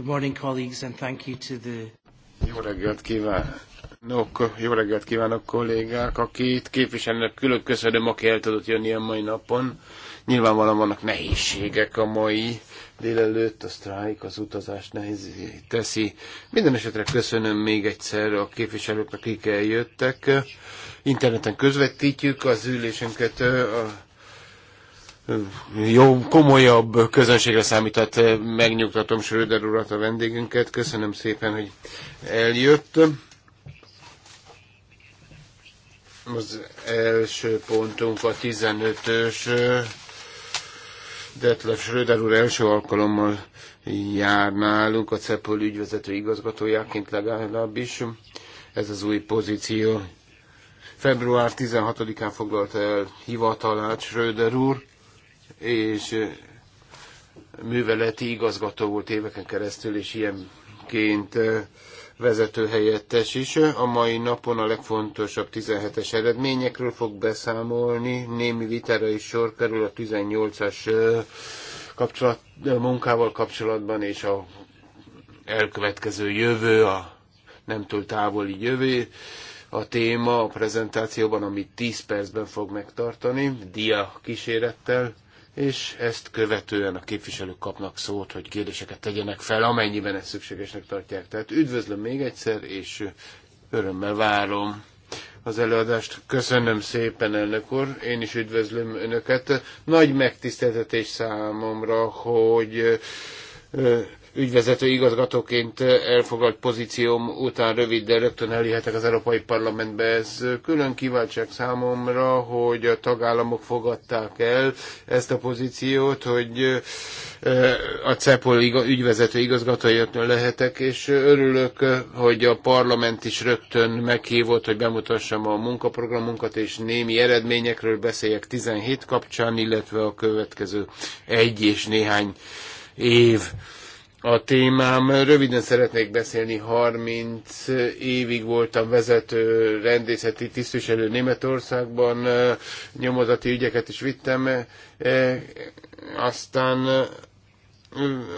Good morning, colleagues, and thank you to the... Jó reggelt kívánok, jó reggelt kívánok kollégák, a két képviselőnek külön köszönöm, aki el tudott jönni a mai napon. Nyilvánvalóan vannak nehézségek a mai délelőtt, a sztrájk, az utazás nehéz teszi. Minden esetre köszönöm még egyszer a képviselőknek, akik eljöttek. Interneten közvetítjük az ülésünket, a jó, komolyabb közönségre számított. Megnyugtatom Söröder urat, a vendégünket. Köszönöm szépen, hogy eljött. Az első pontunk a 15-ös Detlef Schröder úr első alkalommal jár nálunk, a CEPOL ügyvezető igazgatójáként legalábbis. Ez az új pozíció. Február 16-án foglalta el hivatalát Schröder úr és műveleti igazgató volt éveken keresztül, és ilyenként vezető helyettes is. A mai napon a legfontosabb 17-es eredményekről fog beszámolni. Némi vitára is sor kerül a 18-as kapcsolat, munkával kapcsolatban, és a elkövetkező jövő, a nem túl távoli jövő a téma a prezentációban, amit 10 percben fog megtartani, dia kísérettel és ezt követően a képviselők kapnak szót, hogy kérdéseket tegyenek fel, amennyiben ezt szükségesnek tartják. Tehát üdvözlöm még egyszer, és örömmel várom az előadást. Köszönöm szépen, elnök úr, én is üdvözlöm önöket. Nagy megtiszteltetés számomra, hogy ügyvezető igazgatóként elfoglalt pozícióm után röviddel rögtön elérhetek az Európai Parlamentbe. Ez külön kiváltság számomra, hogy a tagállamok fogadták el ezt a pozíciót, hogy a CEPOL ügyvezető igazgatóját lehetek, és örülök, hogy a parlament is rögtön meghívott, hogy bemutassam a munkaprogramunkat, és némi eredményekről beszéljek 17 kapcsán, illetve a következő egy és néhány év a témám. Röviden szeretnék beszélni, 30 évig voltam vezető rendészeti tisztviselő Németországban, nyomozati ügyeket is vittem, e, aztán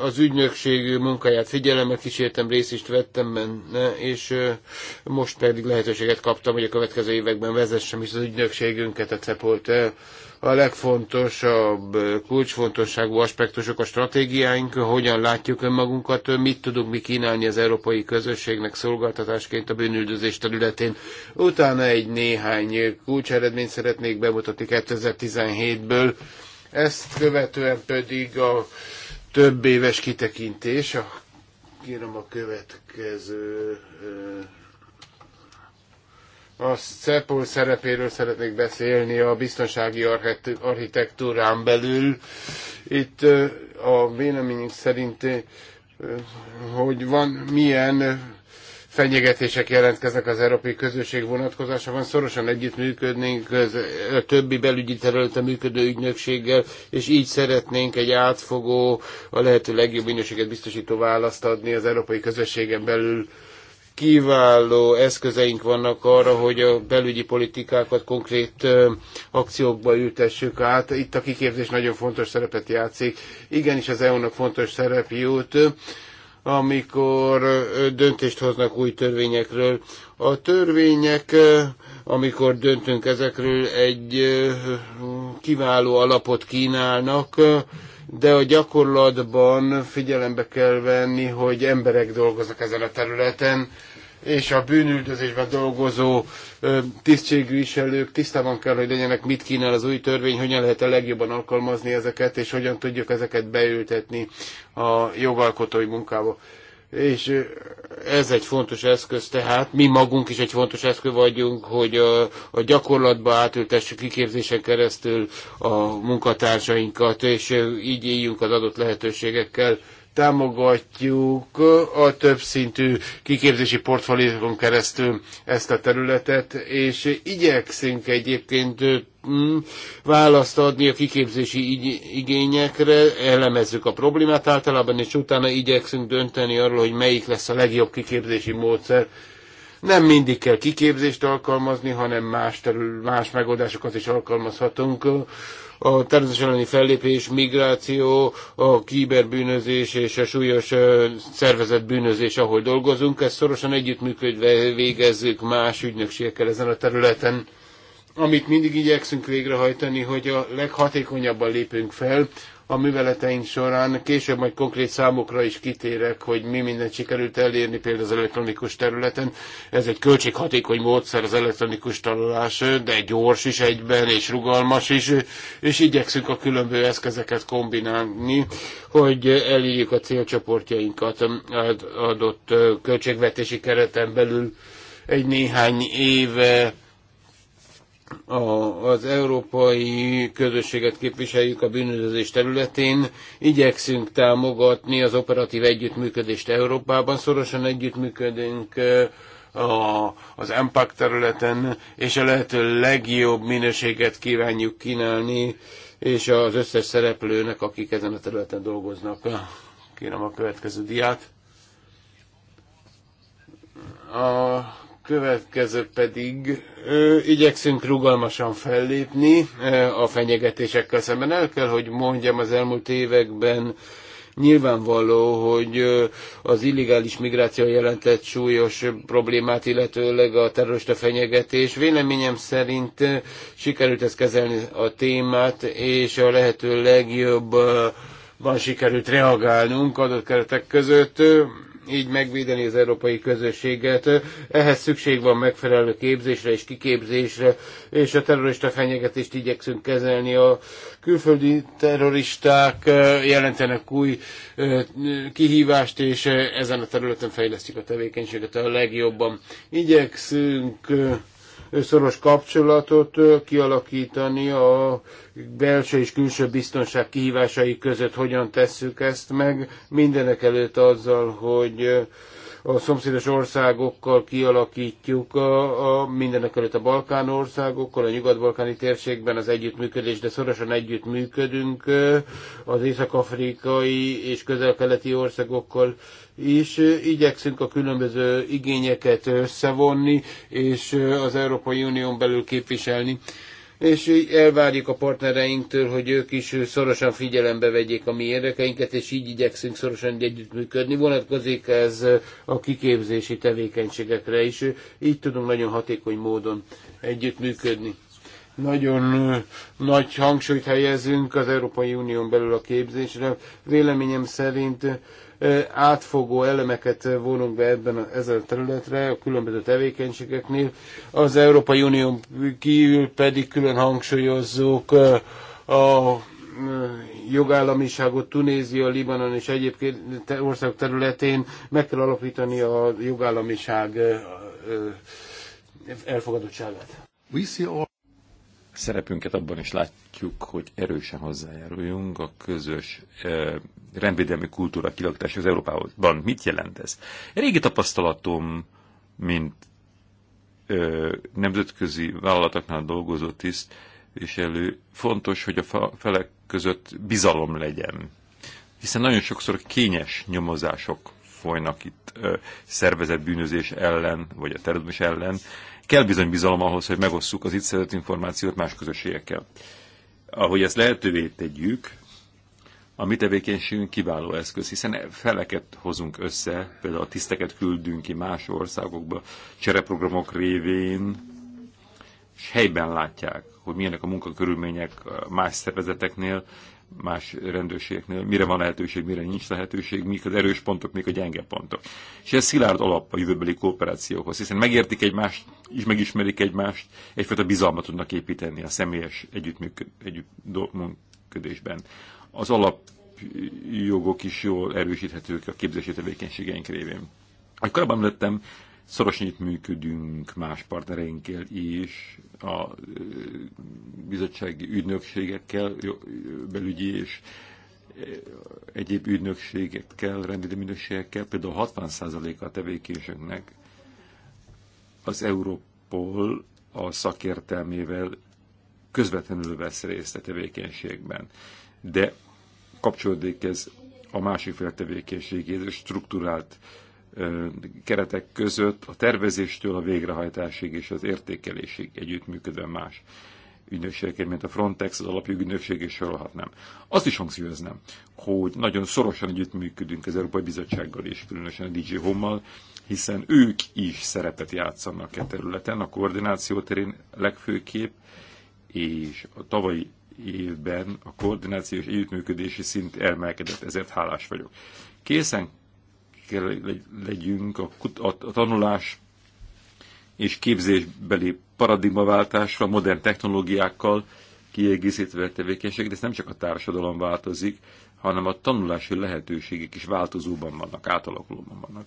az ügynökség munkáját figyelemmel kísértem, részt is vettem benne, és e, most pedig lehetőséget kaptam, hogy a következő években vezessem is az ügynökségünket, a CEPOLT a legfontosabb kulcsfontosságú aspektusok a stratégiáink, hogyan látjuk önmagunkat, mit tudunk mi kínálni az európai közösségnek szolgáltatásként a bűnüldözés területén. Utána egy néhány kulcseredményt szeretnék bemutatni 2017-ből, ezt követően pedig a több éves kitekintés, a, kérem a következő a CEPOL szerepéről szeretnék beszélni a biztonsági architektúrán belül. Itt a véleményünk szerint, hogy van milyen fenyegetések jelentkeznek az európai közösség vonatkozásában, szorosan együttműködnénk a többi belügyi területen működő ügynökséggel, és így szeretnénk egy átfogó, a lehető legjobb minőséget biztosító választ adni az európai közösségen belül kiváló eszközeink vannak arra, hogy a belügyi politikákat konkrét akciókba ültessük át. Itt a kiképzés nagyon fontos szerepet játszik. Igenis az EU-nak fontos szerep jut amikor döntést hoznak új törvényekről. A törvények, amikor döntünk ezekről, egy kiváló alapot kínálnak, de a gyakorlatban figyelembe kell venni, hogy emberek dolgoznak ezen a területen, és a bűnüldözésben dolgozó tisztségviselők tisztában kell, hogy legyenek, mit kínál az új törvény, hogyan lehet a legjobban alkalmazni ezeket, és hogyan tudjuk ezeket beültetni a jogalkotói munkába és ez egy fontos eszköz, tehát mi magunk is egy fontos eszköz vagyunk, hogy a, a gyakorlatba átültessük kiképzésen keresztül a munkatársainkat, és így éljünk az adott lehetőségekkel. Támogatjuk a többszintű kiképzési portfóliókon keresztül ezt a területet, és igyekszünk egyébként Mm, választ adni a kiképzési igényekre, elemezzük a problémát általában, és utána igyekszünk dönteni arról, hogy melyik lesz a legjobb kiképzési módszer. Nem mindig kell kiképzést alkalmazni, hanem más, terül, más megoldásokat is alkalmazhatunk. A természetes elleni fellépés, migráció, a kiberbűnözés és a súlyos szervezett bűnözés, ahol dolgozunk, ezt szorosan együttműködve végezzük más ügynökségekkel ezen a területen amit mindig igyekszünk végrehajtani, hogy a leghatékonyabban lépünk fel a műveleteink során. Később majd konkrét számokra is kitérek, hogy mi mindent sikerült elérni, például az elektronikus területen. Ez egy költséghatékony módszer az elektronikus tanulás, de gyors is egyben, és rugalmas is, és igyekszünk a különböző eszközeket kombinálni, hogy elérjük a célcsoportjainkat hát adott költségvetési kereten belül egy néhány éve a, az európai közösséget képviseljük a bűnözés területén, igyekszünk támogatni az operatív együttműködést Európában, szorosan együttműködünk a, az MPAC területen, és a lehető legjobb minőséget kívánjuk kínálni, és az összes szereplőnek, akik ezen a területen dolgoznak. Kérem a következő diát. A, következő pedig ö, igyekszünk rugalmasan fellépni ö, a fenyegetésekkel szemben. El kell, hogy mondjam, az elmúlt években nyilvánvaló, hogy ö, az illegális migráció jelentett súlyos problémát, illetőleg a terrorista fenyegetés. Véleményem szerint ö, sikerült ezt kezelni a témát, és a lehető legjobb ö, van sikerült reagálnunk adott keretek között. Ö, így megvédeni az európai közösséget. Ehhez szükség van megfelelő képzésre és kiképzésre, és a terrorista fenyegetést igyekszünk kezelni. A külföldi terroristák jelentenek új kihívást, és ezen a területen fejlesztjük a tevékenységet a legjobban. Igyekszünk szoros kapcsolatot kialakítani a belső és külső biztonság kihívásai között, hogyan tesszük ezt meg, mindenek előtt azzal, hogy a szomszédos országokkal kialakítjuk, a, a, mindenek előtt a Balkán országokkal, a nyugat-balkáni térségben az együttműködés, de szorosan együttműködünk az észak-afrikai és közel-keleti országokkal, és igyekszünk a különböző igényeket összevonni, és az Európai Unión belül képviselni és elvárjuk a partnereinktől, hogy ők is szorosan figyelembe vegyék a mi érdekeinket, és így igyekszünk szorosan együttműködni. Vonatkozik ez a kiképzési tevékenységekre is, így tudunk nagyon hatékony módon együttműködni. Nagyon nagy hangsúlyt helyezünk az Európai Unión belül a képzésre. Véleményem szerint átfogó elemeket vonunk be ebben a, ezen a területre, a különböző tevékenységeknél. Az Európai Unió kívül pedig külön hangsúlyozzuk a jogállamiságot Tunézia, Libanon és egyéb országok területén meg kell alapítani a jogállamiság elfogadottságát. Szerepünket abban is látjuk, hogy erősen hozzájáruljunk a közös rendvédelmi kultúra kilakítása az Európában. Mit jelent ez? Régi tapasztalatom, mint ö, nemzetközi vállalatoknál dolgozó tiszt, és elő fontos, hogy a felek között bizalom legyen. Hiszen nagyon sokszor kényes nyomozások folynak itt ö, szervezett bűnözés ellen, vagy a terrorizmus ellen. Kell bizony bizalom ahhoz, hogy megosszuk az itt szerzett információt más közösségekkel. Ahogy ezt lehetővé tegyük, a mi tevékenységünk kiváló eszköz, hiszen feleket hozunk össze, például a tiszteket küldünk ki más országokba, csereprogramok révén, és helyben látják, hogy milyenek a munkakörülmények más szervezeteknél, más rendőrségeknél, mire van lehetőség, mire nincs lehetőség, mik az erős pontok, mik a gyenge pontok. És ez szilárd alap a jövőbeli kooperációhoz, hiszen megértik egymást, és megismerik egymást, egyfajta bizalmat tudnak építeni a személyes együttműködésben az alapjogok is jól erősíthetők a képzési tevékenységeink révén. Egy korábban lettem, szorosan itt működünk más partnereinkkel is, a bizottsági ügynökségekkel, belügyi és egyéb ügynökségekkel, rendőri minőségekkel, például 60%-a a tevékenységnek az Európol a szakértelmével közvetlenül vesz részt a tevékenységben de kapcsolódik ez a másik fél tevékenységéhez, struktúrált keretek között a tervezéstől a végrehajtásig és az értékelésig együttműködve más ügynökségekkel, mint a Frontex, az alapjú ügynökség, és sorolhatnám. Azt is hangsúlyoznám, hogy nagyon szorosan együttműködünk az Európai Bizottsággal és különösen a DJ Home-mal, hiszen ők is szerepet játszanak e területen, a koordináció terén legfőképp, és a tavalyi évben a koordinációs együttműködési szint emelkedett, ezért hálás vagyok. Készen kell legyünk a, a, a tanulás és képzésbeli paradigmaváltásra, modern technológiákkal kiegészítve a tevékenység, de ez nem csak a társadalom változik, hanem a tanulási lehetőségek is változóban vannak, átalakulóban vannak.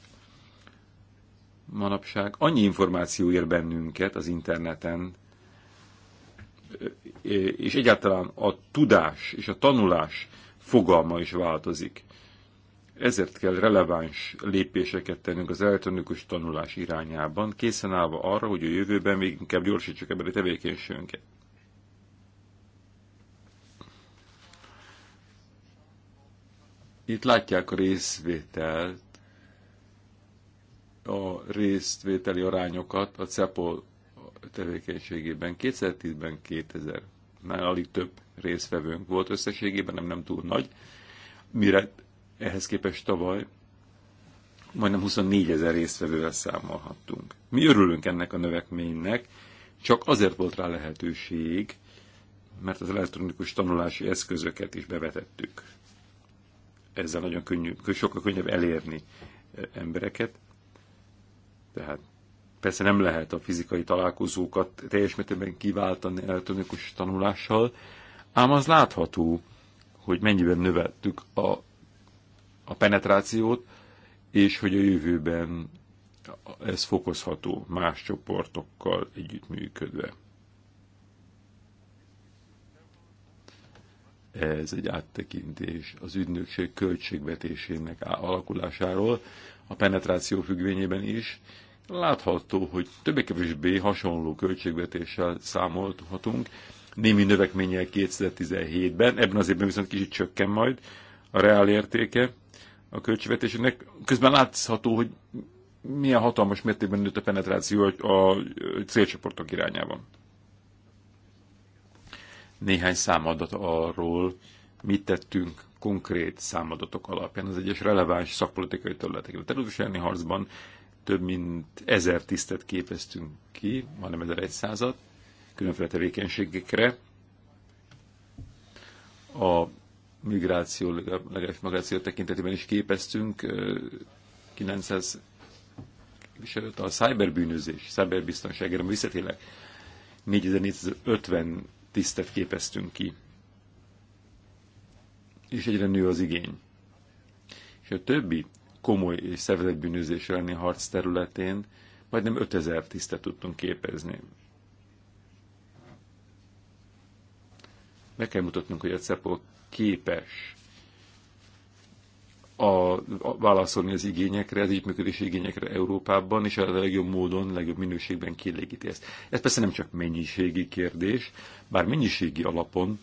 Manapság annyi információ ér bennünket az interneten, és egyáltalán a tudás és a tanulás fogalma is változik. Ezért kell releváns lépéseket tennünk az elektronikus tanulás irányában, készen állva arra, hogy a jövőben még inkább gyorsítsuk ebben a tevékenységünket. Itt látják a részvételt, a részvételi arányokat a CEPOL tevékenységében. 2010-ben 2000, már alig több részvevőnk volt összességében, nem, nem túl nagy. Mire ehhez képest tavaly majdnem 24 ezer részvevővel számolhattunk. Mi örülünk ennek a növekménynek, csak azért volt rá lehetőség, mert az elektronikus tanulási eszközöket is bevetettük. Ezzel nagyon könnyű, sokkal könnyebb elérni embereket, tehát Persze nem lehet a fizikai találkozókat teljes mértékben kiváltani elektronikus tanulással, ám az látható, hogy mennyiben növeltük a, a penetrációt, és hogy a jövőben ez fokozható más csoportokkal együttműködve. Ez egy áttekintés az ügynökség költségvetésének alakulásáról, a penetráció függvényében is, látható, hogy többé-kevésbé hasonló költségvetéssel számolhatunk, némi növekménnyel 2017-ben, ebben az évben viszont kicsit csökken majd a reál értéke a költségvetésének. Közben látható, hogy milyen hatalmas mértékben nőtt a penetráció a célcsoportok irányában. Néhány számadat arról, mit tettünk konkrét számadatok alapján az egyes releváns szakpolitikai területekre. A harcban több mint ezer tisztet képeztünk ki, majdnem 1100-at, különféle tevékenységekre. A migráció, legalábbis migráció tekintetében is képeztünk 900 képviselőt a cyberbűnözés, cyberbiztonságra visszatélek. 4450 tisztet képeztünk ki. És egyre nő az igény. És a többi komoly és szervezetbűnözés elleni harc területén majdnem 5000 tisztet tudtunk képezni. Meg kell mutatnunk, hogy a CEPO képes a, a válaszolni az igényekre, az együttműködési igényekre Európában, és a legjobb módon, legjobb minőségben kielégíti ezt. Ez persze nem csak mennyiségi kérdés, bár mennyiségi alapon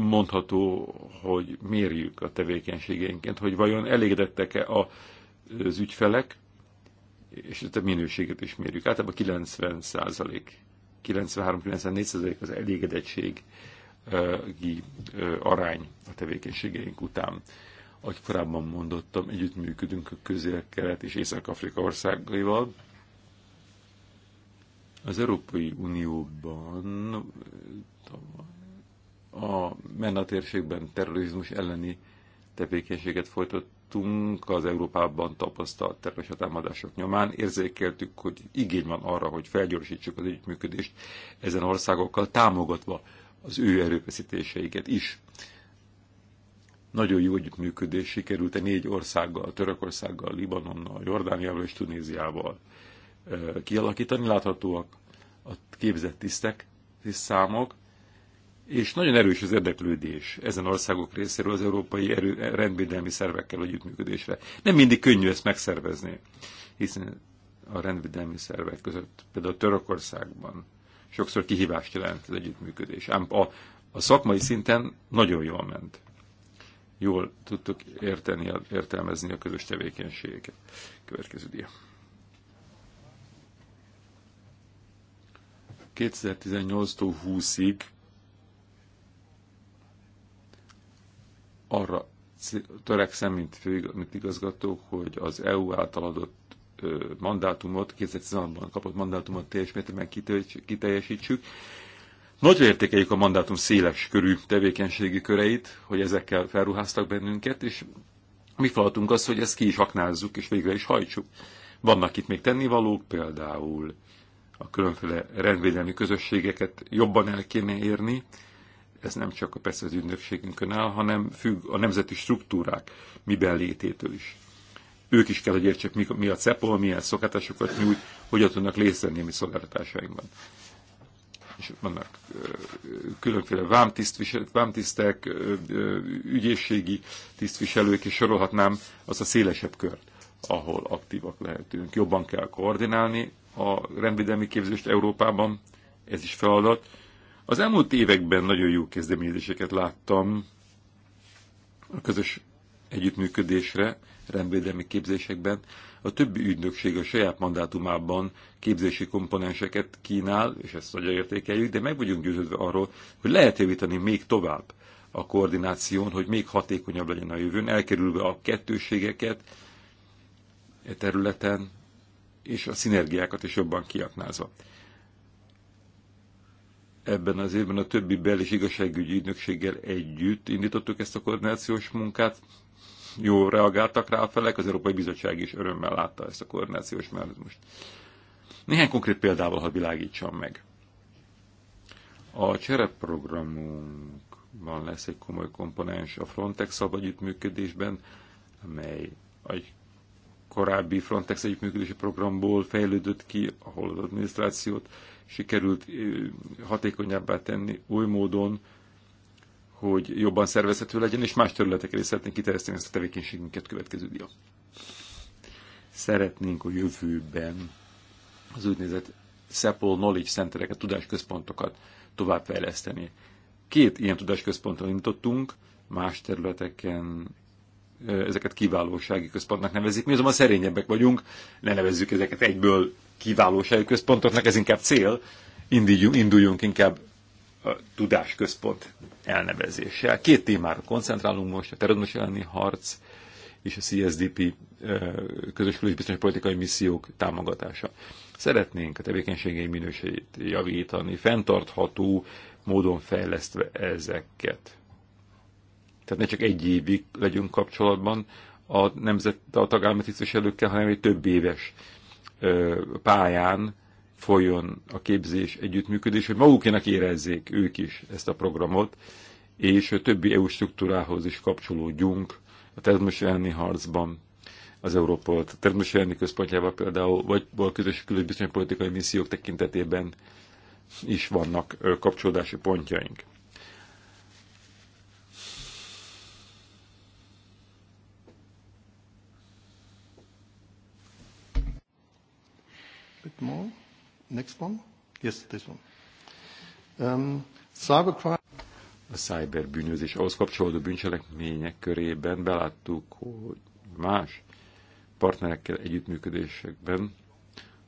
mondható, hogy mérjük a tevékenységeinket, hogy vajon elégedettek-e az ügyfelek, és a minőséget is mérjük. Általában 90 százalék, 93-94 százalék az elégedettség arány a tevékenységeink után. Ahogy korábban mondottam, együttműködünk a közél-kelet és észak-afrika országaival. Az Európai Unióban tavaly a MENA térségben terrorizmus elleni tevékenységet folytattunk az Európában tapasztalt terrorista nyomán. Érzékeltük, hogy igény van arra, hogy felgyorsítsuk az együttműködést ezen országokkal, támogatva az ő erőfeszítéseiket is. Nagyon jó együttműködés sikerült a négy országgal, Törökországgal, Libanonnal, Jordániával és Tunéziával eh, kialakítani. Láthatóak a képzett tisztek, számok és nagyon erős az érdeklődés ezen országok részéről az európai erő, rendvédelmi szervekkel együttműködésre. Nem mindig könnyű ezt megszervezni, hiszen a rendvédelmi szervek között, például Törökországban sokszor kihívást jelent az együttműködés. Ám a, a szakmai szinten nagyon jól ment. Jól tudtuk érteni, értelmezni a közös tevékenységeket. Következő dia. 2018-20-ig arra törekszem, mint, fő, mint igazgató, hogy az EU által adott mandátumot, 2016-ban kapott mandátumot teljes mértékben kiteljesítsük. Nagyra értékeljük a mandátum széles körű tevékenységi köreit, hogy ezekkel felruháztak bennünket, és mi feladatunk az, hogy ezt ki is aknázzuk, és végre is hajtsuk. Vannak itt még tennivalók, például a különféle rendvédelmi közösségeket jobban el kéne érni, ez nem csak a persze az ügynökségünkön áll, hanem függ a nemzeti struktúrák miben lététől is. Ők is kell, hogy értsék, mi, mi a CEPOL, milyen szokatásokat nyújt, hogyan tudnak részt a mi szolgáltatásainkban. És vannak különféle vámtisztek, ügyészségi tisztviselők, és sorolhatnám az a szélesebb kört, ahol aktívak lehetünk. Jobban kell koordinálni a rendvédelmi képzést Európában, ez is feladat, az elmúlt években nagyon jó kezdeményezéseket láttam a közös együttműködésre, rendvédelmi képzésekben. A többi ügynökség a saját mandátumában képzési komponenseket kínál, és ezt nagyon értékeljük, de meg vagyunk győződve arról, hogy lehet javítani még tovább a koordináción, hogy még hatékonyabb legyen a jövőn, elkerülve a kettőségeket e területen, és a szinergiákat is jobban kiaknázva. Ebben az évben a többi bel- és igazságügyi ügynökséggel együtt indítottuk ezt a koordinációs munkát. Jó reagáltak rá a felek, az Európai Bizottság is örömmel látta ezt a koordinációs mechanizmust. Néhány konkrét példával, ha világítsam meg. A csereprogramunkban lesz egy komoly komponens a Frontex szabad működésben, amely egy korábbi Frontex együttműködési programból fejlődött ki, ahol az adminisztrációt sikerült hatékonyabbá tenni új módon, hogy jobban szervezhető legyen, és más területekre is szeretnénk kiterjeszteni ezt a tevékenységünket következő dia. Szeretnénk a jövőben az úgynevezett Sepol Knowledge Centereket, tudásközpontokat továbbfejleszteni. Két ilyen tudásközpontot indítottunk, más területeken ezeket kiválósági központnak nevezik. Mi azonban szerényebbek vagyunk, ne nevezzük ezeket egyből kiválósági központoknak, ez inkább cél, induljunk, induljunk inkább a tudásközpont elnevezéssel. Két témára koncentrálunk most, a terrorizmus elleni harc és a CSDP eh, közös külügybiztonsági politikai missziók támogatása. Szeretnénk a tevékenységei minőségét javítani, fenntartható módon fejlesztve ezeket. Tehát ne csak egy évig legyünk kapcsolatban a nemzet a tagállami tisztviselőkkel, hanem egy több éves pályán folyjon a képzés együttműködés, hogy magukének érezzék ők is ezt a programot, és a többi EU struktúrához is kapcsolódjunk a termés elleni harcban, az Európol termés elleni központjával például, vagy a közös politikai missziók tekintetében is vannak kapcsolódási pontjaink. bit more. Next one. Yes, this one. Um, cybercrime. A cyberbűnözés ahhoz kapcsolódó bűncselekmények körében beláttuk, hogy más partnerekkel együttműködésekben,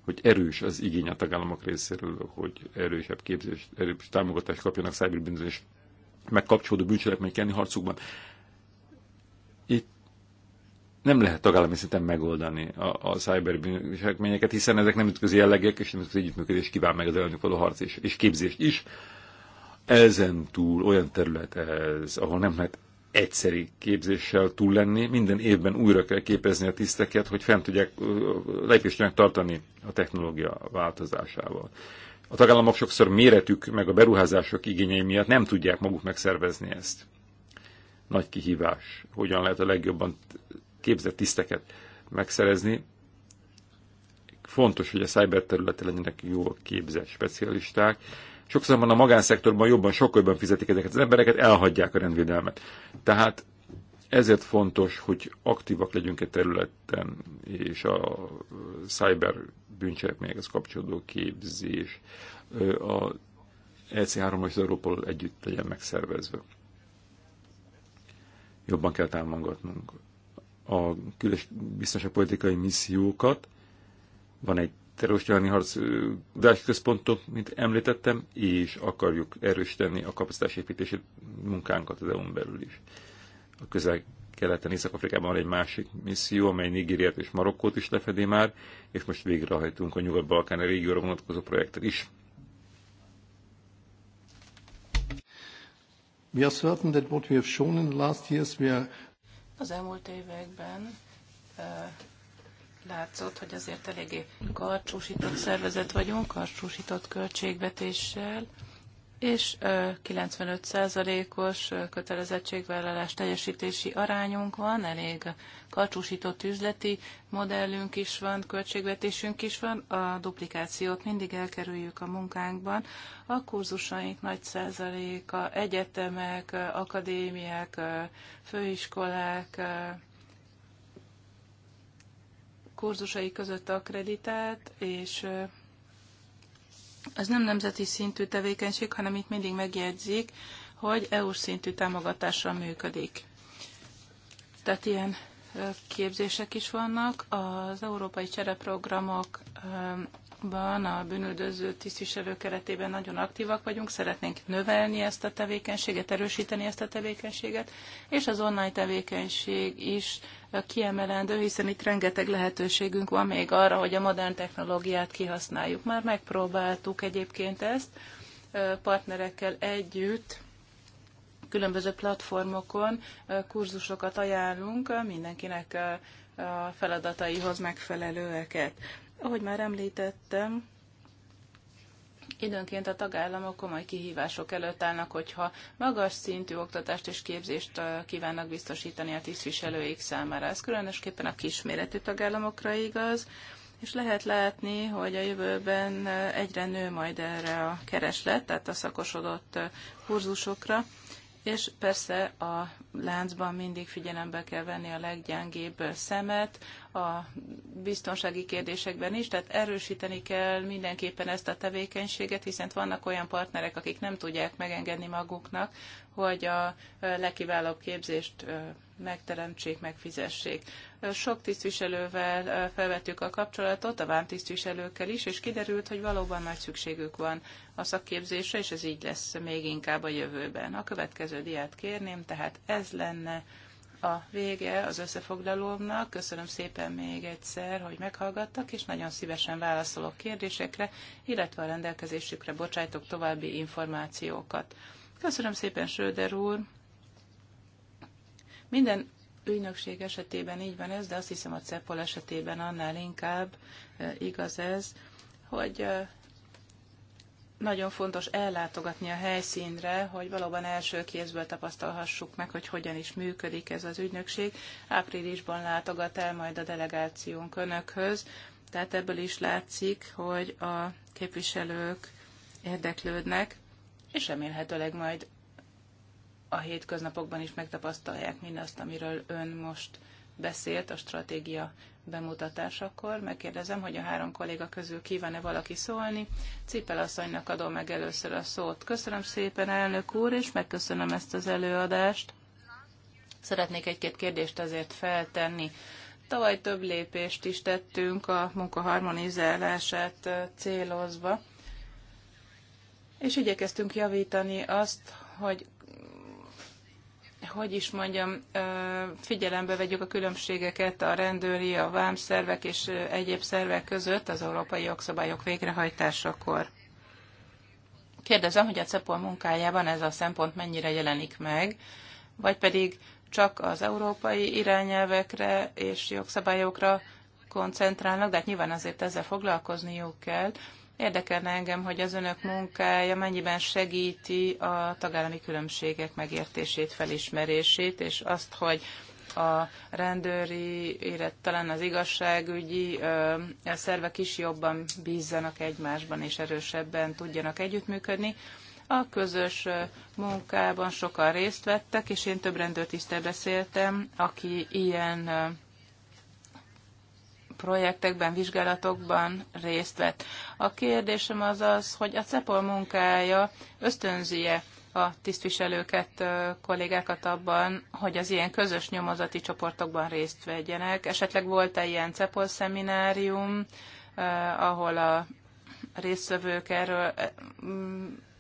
hogy erős az igény a tagállamok részéről, hogy erősebb képzést, erős támogatást kapjanak cyberbűnözés megkapcsolódó bűncselekmények elleni harcukban nem lehet tagállami szinten megoldani a, a cyberbűncselekményeket, hiszen ezek nem ütközi jellegek, és nem ütközi együttműködés kíván meg az ellenük való harc és, és képzést is. Ezen túl olyan terület ez, ahol nem lehet egyszeri képzéssel túl lenni, minden évben újra kell képezni a tiszteket, hogy fent tudják, lépést tudják tartani a technológia változásával. A tagállamok sokszor méretük meg a beruházások igényei miatt nem tudják maguk megszervezni ezt. Nagy kihívás, hogyan lehet a legjobban képzett tiszteket megszerezni. Fontos, hogy a cyber területen legyenek jó képzett specialisták. Sokszor van a magánszektorban jobban, sokkal jobban fizetik ezeket az embereket, elhagyják a rendvédelmet. Tehát ezért fontos, hogy aktívak legyünk e területen, és a cyber bűncselekményekhez kapcsolódó képzés a EC3 és az Európol együtt legyen megszervezve. Jobban kell támogatnunk a külös biztonságpolitikai missziókat, van egy terroristjáni harc központok, mint említettem, és akarjuk erősíteni a kapacitásépítési munkánkat az EU-n belül is. A közel-keleten, Észak-Afrikában van egy másik misszió, amely Nigériát és Marokkót is lefedi már, és most végrehajtunk a Nyugat-Balkáni régióra vonatkozó projektet is. We are certain that what we last years, az elmúlt években látszott, hogy azért eléggé karcsúsított szervezet vagyunk, karcsúsított költségvetéssel, és 95%-os kötelezettségvállalás teljesítési arányunk van, elég karcsúsított üzleti modellünk is van, költségvetésünk is van, a duplikációt mindig elkerüljük a munkánkban. A kurzusaink nagy százaléka egyetemek, akadémiák, főiskolák, kurzusai között akreditált, és az nem nemzeti szintű tevékenység, hanem itt mindig megjegyzik, hogy eu szintű támogatásra működik. Tehát ilyen képzések is vannak. Az európai csereprogramok Ban a bűnöldöző tisztviselő keretében nagyon aktívak vagyunk, szeretnénk növelni ezt a tevékenységet, erősíteni ezt a tevékenységet, és az online tevékenység is kiemelendő, hiszen itt rengeteg lehetőségünk van még arra, hogy a modern technológiát kihasználjuk. Már megpróbáltuk egyébként ezt partnerekkel együtt, különböző platformokon kurzusokat ajánlunk mindenkinek a feladataihoz megfelelőeket. Ahogy már említettem, időnként a tagállamok komoly kihívások előtt állnak, hogyha magas szintű oktatást és képzést kívánnak biztosítani a tisztviselőik számára. Ez különösképpen a kisméretű tagállamokra igaz, és lehet látni, hogy a jövőben egyre nő majd erre a kereslet, tehát a szakosodott kurzusokra, és persze a láncban mindig figyelembe kell venni a leggyengébb szemet, a biztonsági kérdésekben is, tehát erősíteni kell mindenképpen ezt a tevékenységet, hiszen vannak olyan partnerek, akik nem tudják megengedni maguknak, hogy a eh, legkiválóbb képzést eh, megteremtsék, megfizessék. Sok tisztviselővel felvettük a kapcsolatot, a vámtisztviselőkkel is, és kiderült, hogy valóban nagy szükségük van a szakképzésre, és ez így lesz még inkább a jövőben. A következő diát kérném, tehát ez lenne a vége az összefoglalómnak. Köszönöm szépen még egyszer, hogy meghallgattak, és nagyon szívesen válaszolok kérdésekre, illetve a rendelkezésükre bocsájtok további információkat. Köszönöm szépen, Söder úr! Minden ügynökség esetében így van ez, de azt hiszem a CEPOL esetében annál inkább e, igaz ez, hogy e, nagyon fontos ellátogatni a helyszínre, hogy valóban első kézből tapasztalhassuk meg, hogy hogyan is működik ez az ügynökség. Áprilisban látogat el majd a delegációnk önökhöz, tehát ebből is látszik, hogy a képviselők érdeklődnek, és remélhetőleg majd a hétköznapokban is megtapasztalják mindazt, amiről ön most beszélt a stratégia bemutatásakor. Megkérdezem, hogy a három kolléga közül kíván-e valaki szólni. Cipel asszonynak adom meg először a szót. Köszönöm szépen, elnök úr, és megköszönöm ezt az előadást. Szeretnék egy-két kérdést azért feltenni. Tavaly több lépést is tettünk a munkaharmonizálását célozva, és igyekeztünk javítani azt, hogy hogy is mondjam, figyelembe vegyük a különbségeket a rendőri, a vámszervek és egyéb szervek között az európai jogszabályok végrehajtásakor. Kérdezem, hogy a CEPOL munkájában ez a szempont mennyire jelenik meg, vagy pedig csak az európai irányelvekre és jogszabályokra koncentrálnak, de hát nyilván azért ezzel foglalkozniuk kell, Érdekelne engem, hogy az önök munkája mennyiben segíti a tagállami különbségek megértését, felismerését, és azt, hogy a rendőri, illetve talán az igazságügyi ö, szervek is jobban bízzanak egymásban és erősebben tudjanak együttműködni. A közös munkában sokan részt vettek, és én több rendőrtisztel beszéltem, aki ilyen projektekben, vizsgálatokban részt vett. A kérdésem az az, hogy a CEPOL munkája e a tisztviselőket, kollégákat abban, hogy az ilyen közös nyomozati csoportokban részt vegyenek. Esetleg volt-e ilyen CEPOL szeminárium, ahol a résztvevők erről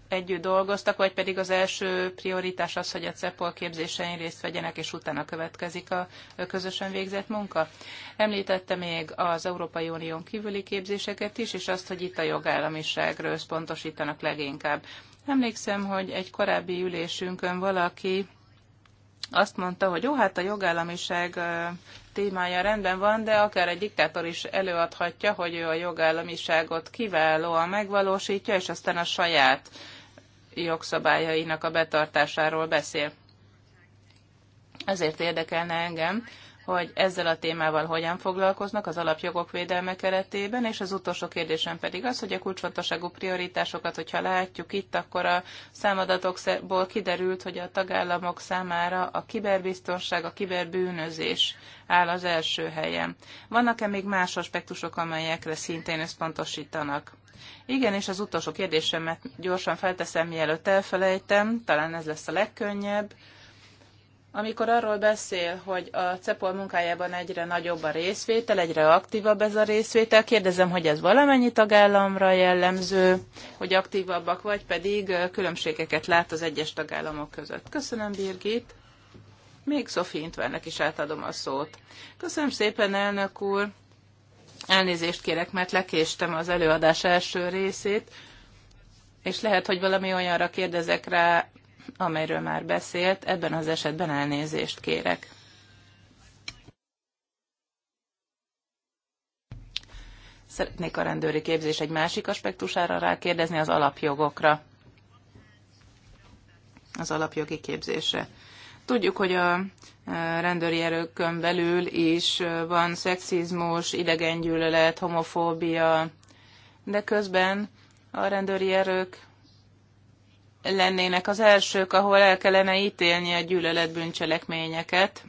együtt dolgoztak, vagy pedig az első prioritás az, hogy a CEPOL képzésein részt vegyenek, és utána következik a közösen végzett munka. Említette még az Európai Unión kívüli képzéseket is, és azt, hogy itt a jogállamiságról összpontosítanak leginkább. Emlékszem, hogy egy korábbi ülésünkön valaki azt mondta, hogy jó, hát a jogállamiság témája rendben van, de akár egy diktátor is előadhatja, hogy ő a jogállamiságot kiválóan megvalósítja, és aztán a saját jogszabályainak a betartásáról beszél. Ezért érdekelne engem, hogy ezzel a témával hogyan foglalkoznak az alapjogok védelme keretében, és az utolsó kérdésem pedig az, hogy a kulcsfontosságú prioritásokat, hogyha látjuk itt, akkor a számadatokból kiderült, hogy a tagállamok számára a kiberbiztonság, a kiberbűnözés áll az első helyen. Vannak-e még más aspektusok, amelyekre szintén összpontosítanak? Igen, és az utolsó kérdésemet gyorsan felteszem, mielőtt elfelejtem, talán ez lesz a legkönnyebb. Amikor arról beszél, hogy a CEPOL munkájában egyre nagyobb a részvétel, egyre aktívabb ez a részvétel, kérdezem, hogy ez valamennyi tagállamra jellemző, hogy aktívabbak, vagy pedig különbségeket lát az egyes tagállamok között. Köszönöm, Birgit. Még Szofi Intvernek is átadom a szót. Köszönöm szépen, elnök úr. Elnézést kérek, mert lekéstem az előadás első részét, és lehet, hogy valami olyanra kérdezek rá, amelyről már beszélt, ebben az esetben elnézést kérek. Szeretnék a rendőri képzés egy másik aspektusára rákérdezni, az alapjogokra, az alapjogi képzésre. Tudjuk, hogy a rendőri erőkön belül is van szexizmus, idegengyűlölet, homofóbia, de közben a rendőri erők lennének az elsők, ahol el kellene ítélni a gyűlöletbűncselekményeket.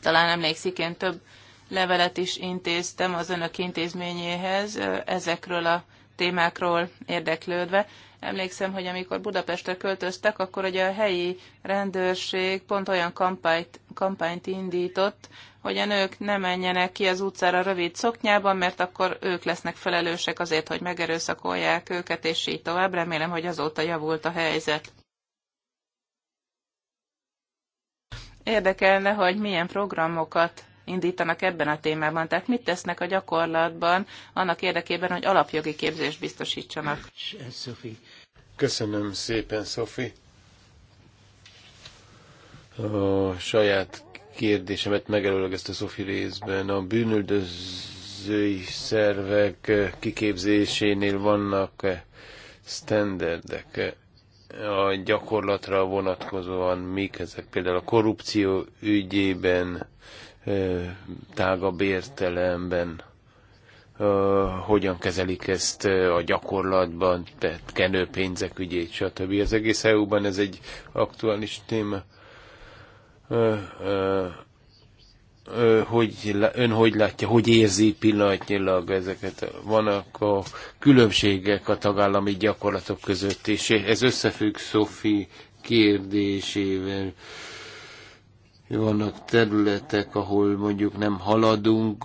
Talán emlékszik, én több levelet is intéztem az önök intézményéhez ezekről a témákról érdeklődve. Emlékszem, hogy amikor Budapestre költöztek, akkor ugye a helyi rendőrség pont olyan kampányt, kampányt indított, hogy a nők ne menjenek ki az utcára rövid szoknyában, mert akkor ők lesznek felelősek azért, hogy megerőszakolják őket, és így tovább. Remélem, hogy azóta javult a helyzet. Érdekelne, hogy milyen programokat indítanak ebben a témában, tehát mit tesznek a gyakorlatban annak érdekében, hogy alapjogi képzést biztosítsanak. Sophie. Köszönöm szépen, Szofi. A saját kérdésemet megelőlegezte Szofi részben. A bűnöldözői szervek kiképzésénél vannak standardek a gyakorlatra vonatkozóan mik ezek például a korrupció ügyében eh, tágabb értelemben hogyan kezelik ezt a gyakorlatban, tehát kenőpénzek ügyét, stb. Az egész EU-ban ez egy aktuális téma. Hogy, ön hogy látja, hogy érzi pillanatnyilag ezeket? Vannak a különbségek a tagállami gyakorlatok között, és ez összefügg Szofi kérdésével vannak területek, ahol mondjuk nem haladunk,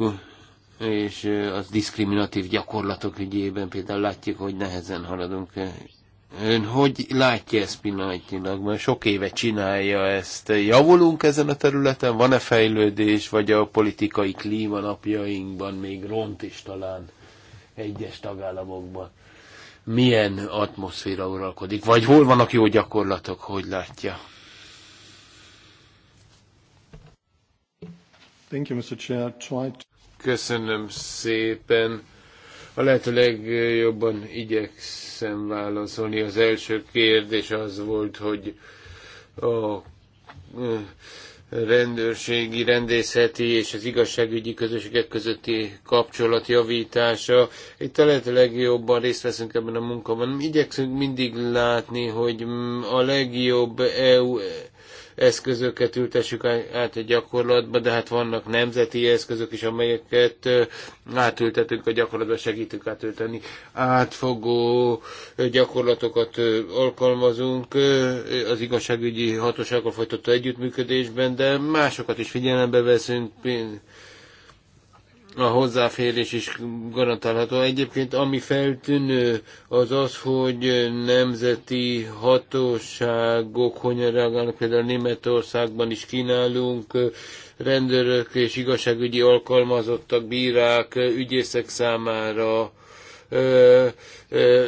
és az diszkriminatív gyakorlatok ügyében például látjuk, hogy nehezen haladunk. Ön hogy látja ezt pillanatnyilag? Már sok éve csinálja ezt. Javulunk ezen a területen? Van-e fejlődés, vagy a politikai klíma napjainkban még ront is talán egyes tagállamokban? Milyen atmoszféra uralkodik? Vagy hol vannak jó gyakorlatok? Hogy látja? Thank you, Mr. Chair. Try to... Köszönöm szépen. A lehető legjobban igyekszem válaszolni. Az első kérdés az volt, hogy a rendőrségi, rendészeti és az igazságügyi közösségek közötti kapcsolat javítása. Itt a lehető legjobban részt veszünk ebben a munkában. Igyekszünk mindig látni, hogy a legjobb EU eszközöket ültessük át a gyakorlatba, de hát vannak nemzeti eszközök is, amelyeket átültetünk a gyakorlatba, segítünk átülteni. Átfogó gyakorlatokat alkalmazunk az igazságügyi hatósággal folytató együttműködésben, de másokat is figyelembe veszünk, a hozzáférés is garantálható. Egyébként ami feltűnő az az, hogy nemzeti hatóságok hogyan reagálnak, például Németországban is kínálunk rendőrök és igazságügyi alkalmazottak, bírák, ügyészek számára ö, ö,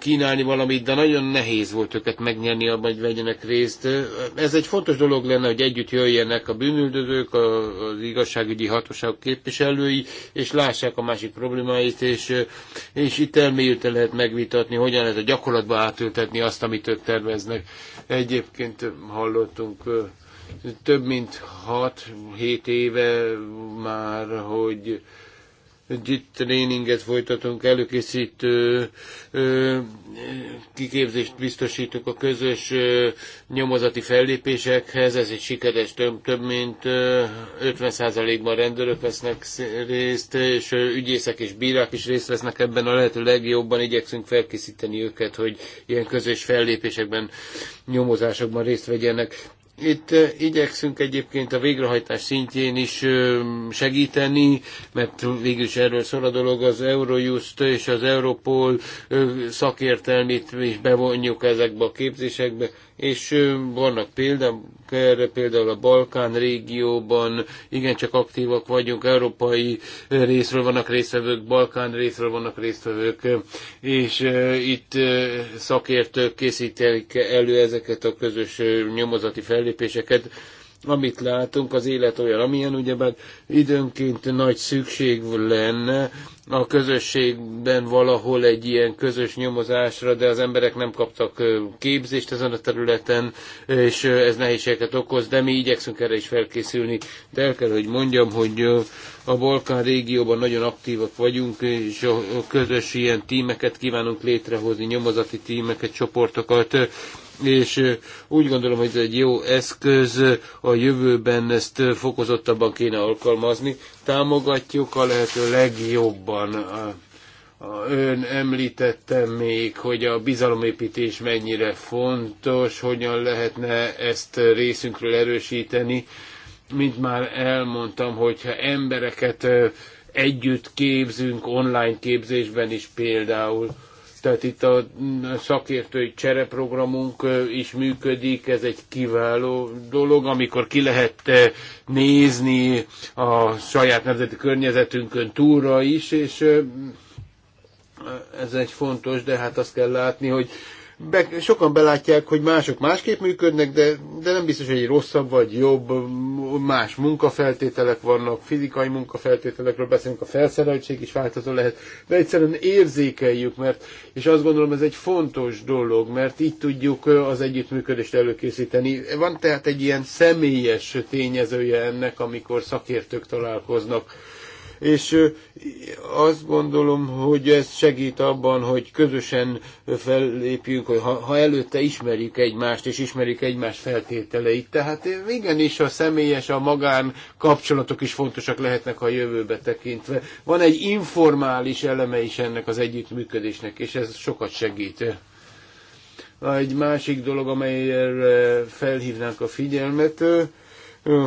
kínálni valamit, de nagyon nehéz volt őket megnyerni abban, hogy vegyenek részt. Ez egy fontos dolog lenne, hogy együtt jöjjenek a bűnüldözők, az igazságügyi hatóságok képviselői, és lássák a másik problémáit, és, és itt elmélyülte lehet megvitatni, hogyan lehet a gyakorlatba átültetni azt, amit ők terveznek. Egyébként hallottunk több mint 6-7 éve már, hogy tréninget folytatunk, előkészítő kiképzést biztosítunk a közös nyomozati fellépésekhez. Ez egy sikeres több, több mint 50%-ban rendőrök vesznek részt, és ügyészek és bírák is részt vesznek ebben a lehető legjobban. Igyekszünk felkészíteni őket, hogy ilyen közös fellépésekben, nyomozásokban részt vegyenek itt igyekszünk egyébként a végrehajtás szintjén is segíteni, mert végül is erről szól a dolog, az Eurojust és az Europol szakértelmét is bevonjuk ezekbe a képzésekbe, és vannak példa, erre, például a Balkán régióban, igencsak aktívak vagyunk, európai részről vannak résztvevők, Balkán részről vannak résztvevők, és itt szakértők készítelik elő ezeket a közös nyomozati fellépéseket, amit látunk, az élet olyan, amilyen ugyebár időnként nagy szükség lenne a közösségben valahol egy ilyen közös nyomozásra, de az emberek nem kaptak képzést ezen a területen, és ez nehézséget okoz, de mi igyekszünk erre is felkészülni. De el kell, hogy mondjam, hogy a Balkán régióban nagyon aktívak vagyunk, és a közös ilyen tímeket kívánunk létrehozni, nyomozati tímeket, csoportokat, és úgy gondolom, hogy ez egy jó eszköz, a jövőben ezt fokozottabban kéne alkalmazni. Támogatjuk a lehető legjobban. Ön említette még, hogy a bizalomépítés mennyire fontos, hogyan lehetne ezt részünkről erősíteni. Mint már elmondtam, hogyha embereket együtt képzünk, online képzésben is például, tehát itt a szakértői csereprogramunk is működik, ez egy kiváló dolog, amikor ki lehet nézni a saját nemzeti környezetünkön túlra is, és ez egy fontos, de hát azt kell látni, hogy be, sokan belátják, hogy mások másképp működnek, de, de nem biztos, hogy egy rosszabb vagy jobb, más munkafeltételek vannak, fizikai munkafeltételekről beszélünk, a felszereltség is változó lehet, de egyszerűen érzékeljük, mert, és azt gondolom ez egy fontos dolog, mert így tudjuk az együttműködést előkészíteni. Van tehát egy ilyen személyes tényezője ennek, amikor szakértők találkoznak és azt gondolom, hogy ez segít abban, hogy közösen fellépjünk, hogy ha, ha előtte ismerjük egymást, és ismerjük egymás feltételeit. Tehát igenis a személyes, a magán kapcsolatok is fontosak lehetnek a jövőbe tekintve. Van egy informális eleme is ennek az együttműködésnek, és ez sokat segít. Egy másik dolog, amelyre felhívnánk a figyelmet,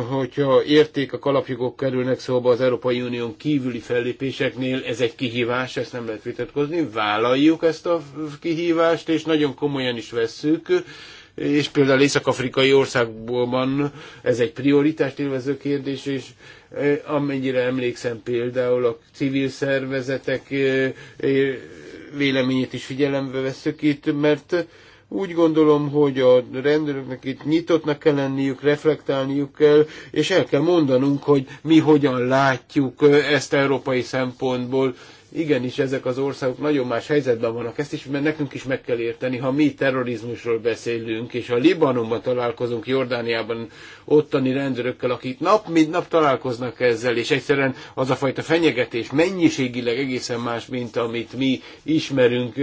hogyha értékek, alapjogok kerülnek szóba az Európai Unión kívüli fellépéseknél, ez egy kihívás, ezt nem lehet vitatkozni, vállaljuk ezt a kihívást, és nagyon komolyan is vesszük, és például észak-afrikai országban ez egy prioritást élvező kérdés, és amennyire emlékszem például a civil szervezetek véleményét is figyelembe veszük itt, mert úgy gondolom, hogy a rendőröknek itt nyitottnak kell lenniük, reflektálniuk kell, és el kell mondanunk, hogy mi hogyan látjuk ezt európai szempontból. Igenis, ezek az országok nagyon más helyzetben vannak, ezt is, mert nekünk is meg kell érteni, ha mi terrorizmusról beszélünk, és ha Libanonban találkozunk, Jordániában ottani rendőrökkel, akik nap mint nap találkoznak ezzel, és egyszerűen az a fajta fenyegetés mennyiségileg egészen más, mint amit mi ismerünk,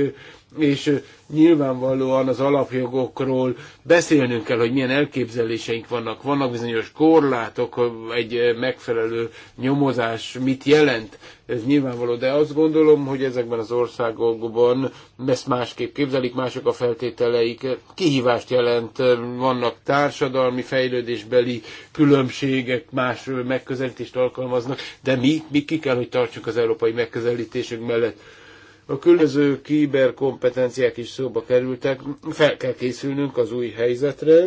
és nyilvánvalóan az alapjogokról beszélnünk kell, hogy milyen elképzeléseink vannak, vannak bizonyos korlátok, egy megfelelő nyomozás mit jelent, ez nyilvánvaló, de azt gondolom, hogy ezekben az országokban ezt másképp képzelik, mások a feltételeik, kihívást jelent, vannak társadalmi fejlődésbeli különbségek, más megközelítést alkalmaznak, de mi, mi ki kell, hogy tartsuk az európai megközelítésünk mellett a különböző kiberkompetenciák is szóba kerültek. Fel kell készülnünk az új helyzetre,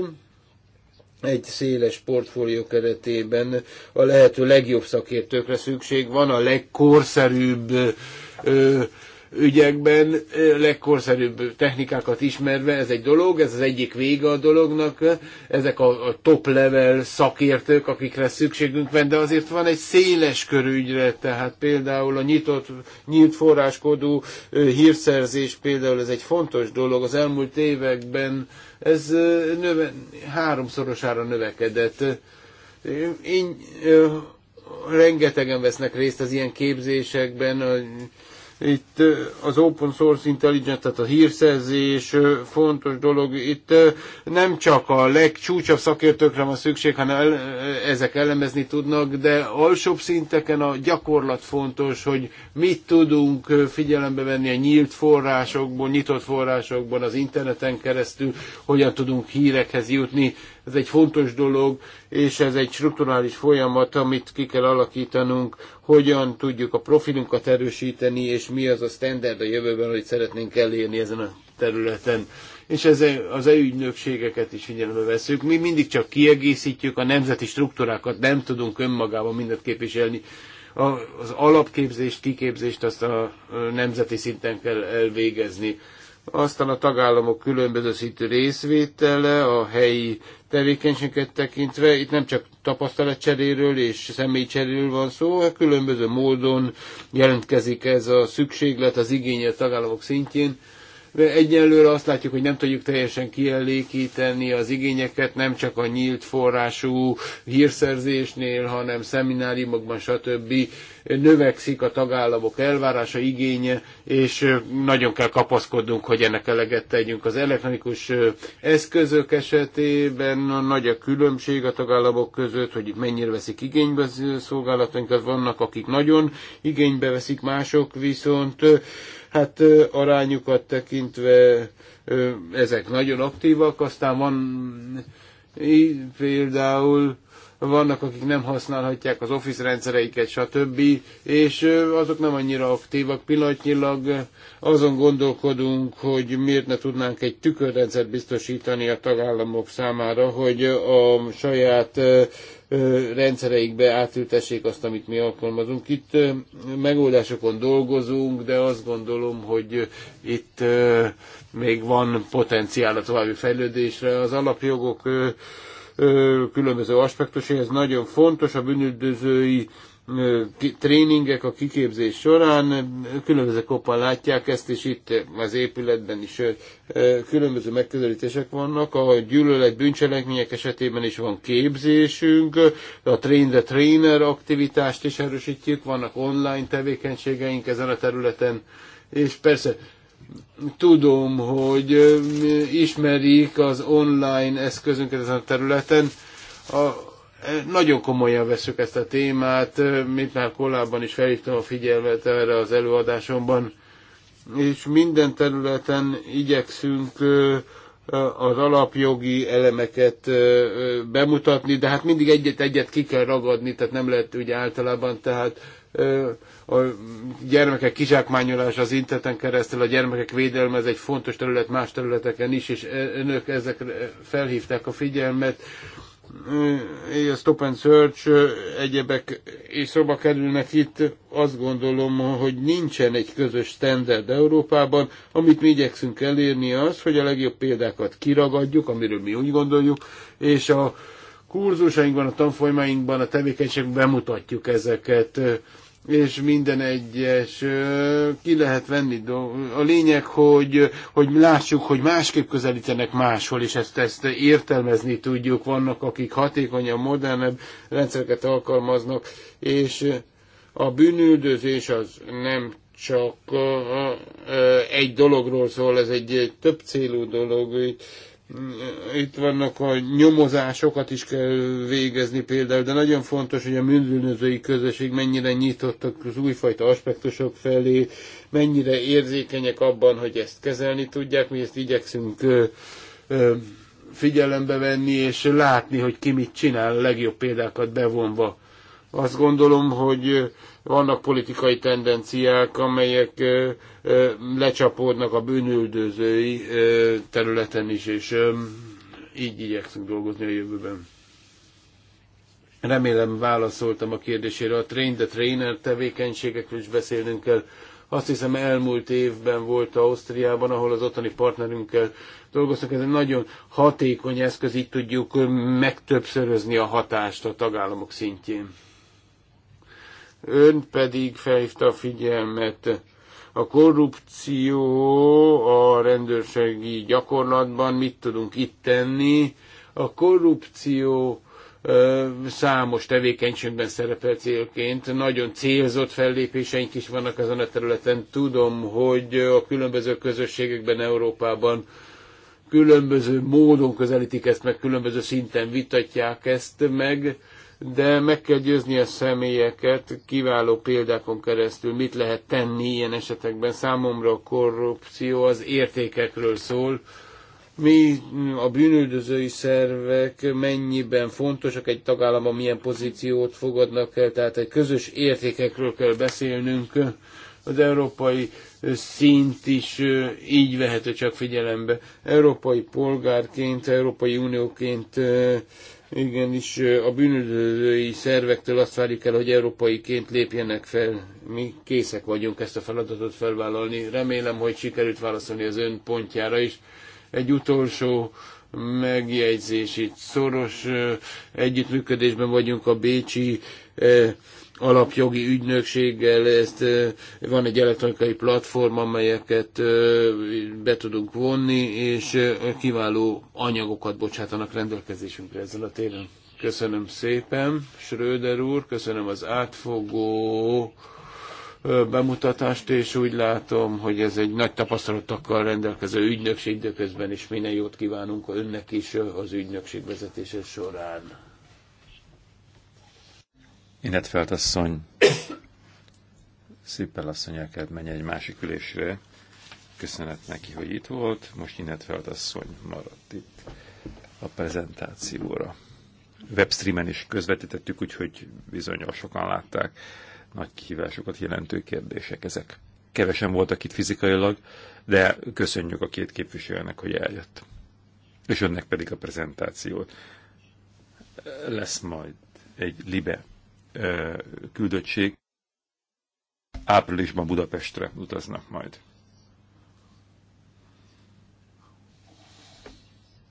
egy széles portfólió keretében a lehető legjobb szakértőkre szükség van, a legkorszerűbb ö, ügyekben legkorszerűbb technikákat ismerve, ez egy dolog, ez az egyik vége a dolognak, ezek a, a top level szakértők, akikre szükségünk van, de azért van egy széles körügyre, tehát például a nyitott, nyílt forráskodú hírszerzés, például ez egy fontos dolog, az elmúlt években ez növe, háromszorosára növekedett. Én, rengetegen vesznek részt az ilyen képzésekben, itt az open source intelligence, tehát a hírszerzés fontos dolog. Itt nem csak a legcsúcsabb szakértőkre van szükség, hanem ezek elemezni tudnak, de alsóbb szinteken a gyakorlat fontos, hogy mit tudunk figyelembe venni a nyílt forrásokból, nyitott forrásokból, az interneten keresztül, hogyan tudunk hírekhez jutni, ez egy fontos dolog, és ez egy strukturális folyamat, amit ki kell alakítanunk, hogyan tudjuk a profilunkat erősíteni, és mi az a standard a jövőben, hogy szeretnénk elérni ezen a területen és ez e- az EU ügynökségeket is figyelembe veszük. Mi mindig csak kiegészítjük a nemzeti struktúrákat, nem tudunk önmagában mindent képviselni. Az alapképzést, kiképzést azt a nemzeti szinten kell elvégezni. Aztán a tagállamok különböző szintű részvétele, a helyi tevékenységet tekintve. Itt nem csak cseréről és cseréről van szó, hát különböző módon jelentkezik ez a szükséglet, az igénye a tagállamok szintjén. Egyelőre azt látjuk, hogy nem tudjuk teljesen kielégíteni az igényeket, nem csak a nyílt forrású hírszerzésnél, hanem szemináriumokban, stb. növekszik a tagállamok elvárása, igénye, és nagyon kell kapaszkodnunk, hogy ennek eleget tegyünk. Az elektronikus eszközök esetében nagy a különbség a tagállamok között, hogy mennyire veszik igénybe a Vannak, akik nagyon igénybe veszik, mások viszont hát arányukat tekintve ezek nagyon aktívak, aztán van így például vannak, akik nem használhatják az office rendszereiket, stb. És azok nem annyira aktívak. Pillanatnyilag azon gondolkodunk, hogy miért ne tudnánk egy tükörrendszert biztosítani a tagállamok számára, hogy a saját rendszereikbe átültessék azt, amit mi alkalmazunk. Itt megoldásokon dolgozunk, de azt gondolom, hogy itt még van potenciál a további fejlődésre. Az alapjogok különböző aspektusai. Ez nagyon fontos a bűnüldözői tréningek a kiképzés során, különböző kopan látják ezt, és itt az épületben is különböző megközelítések vannak. A gyűlölet bűncselekmények esetében is van képzésünk, a train the trainer aktivitást is erősítjük, vannak online tevékenységeink ezen a területen, és persze Tudom, hogy ismerik az online eszközünket ezen a területen. A, e, nagyon komolyan veszük ezt a témát, mint már korábban is felhívtam a figyelmet erre az előadásomban, és minden területen igyekszünk az alapjogi elemeket bemutatni, de hát mindig egyet-egyet ki kell ragadni, tehát nem lehet úgy általában, tehát a gyermekek kizsákmányolása az interneten keresztül, a gyermekek védelme, ez egy fontos terület más területeken is, és e- önök ezekre felhívták a figyelmet. A Stop and Search, egyebek és szóba kerülnek itt, azt gondolom, hogy nincsen egy közös standard Európában, amit mi igyekszünk elérni az, hogy a legjobb példákat kiragadjuk, amiről mi úgy gondoljuk, és a kurzusainkban, a tanfolyamainkban, a tevékenységben bemutatjuk ezeket és minden egyes ki lehet venni. A lényeg, hogy, hogy lássuk, hogy másképp közelítenek máshol, és ezt, ezt értelmezni tudjuk. Vannak, akik hatékonyabb, modernebb rendszereket alkalmaznak, és a bűnüldözés az nem csak egy dologról szól, ez egy több célú dolog itt vannak a nyomozásokat is kell végezni például, de nagyon fontos, hogy a bűnözői közösség mennyire nyitottak az újfajta aspektusok felé, mennyire érzékenyek abban, hogy ezt kezelni tudják, mi ezt igyekszünk ö, ö, figyelembe venni, és látni, hogy ki mit csinál, legjobb példákat bevonva. Azt gondolom, hogy vannak politikai tendenciák, amelyek lecsapódnak a bűnüldözői területen is, és így igyekszünk dolgozni a jövőben. Remélem válaszoltam a kérdésére. A Train the Trainer tevékenységekről is beszélnünk kell. Azt hiszem elmúlt évben volt Ausztriában, ahol az ottani partnerünkkel dolgoztunk. Ez egy nagyon hatékony eszköz, így tudjuk megtöbbszörözni a hatást a tagállamok szintjén. Ön pedig felhívta a figyelmet a korrupció a rendőrségi gyakorlatban, mit tudunk itt tenni. A korrupció számos tevékenységben szerepel célként. Nagyon célzott fellépéseink is vannak ezen a területen. Tudom, hogy a különböző közösségekben Európában különböző módon közelítik ezt meg, különböző szinten vitatják ezt meg de meg kell győzni a személyeket kiváló példákon keresztül, mit lehet tenni ilyen esetekben. Számomra a korrupció az értékekről szól, mi a bűnöldözői szervek mennyiben fontosak egy tagállamban, milyen pozíciót fogadnak el, tehát egy közös értékekről kell beszélnünk. Az európai szint is így vehető csak figyelembe. Európai polgárként, Európai Unióként Igenis, a bűnözői szervektől azt várjuk el, hogy európaiként lépjenek fel. Mi készek vagyunk ezt a feladatot felvállalni. Remélem, hogy sikerült válaszolni az ön pontjára is. Egy utolsó megjegyzés itt. Szoros együttműködésben vagyunk a Bécsi alapjogi ügynökséggel, ezt, van egy elektronikai platform, amelyeket be tudunk vonni, és kiváló anyagokat bocsátanak rendelkezésünkre ezzel a téren. Köszönöm szépen, Schröder úr, köszönöm az átfogó bemutatást, és úgy látom, hogy ez egy nagy tapasztalatokkal rendelkező ügynökség, de közben is minden jót kívánunk önnek is az ügynökség vezetése során. Innet felt asszony, Szippel asszony el kellett menni egy másik ülésre. Köszönet neki, hogy itt volt. Most innet felt asszony maradt itt a prezentációra. Webstreamen is közvetítettük, úgyhogy bizonyos sokan látták. Nagy kihívásokat jelentő kérdések ezek. Kevesen voltak itt fizikailag, de köszönjük a két képviselőnek, hogy eljött. És önnek pedig a prezentációt. Lesz majd egy libe küldöttség áprilisban Budapestre utaznak majd.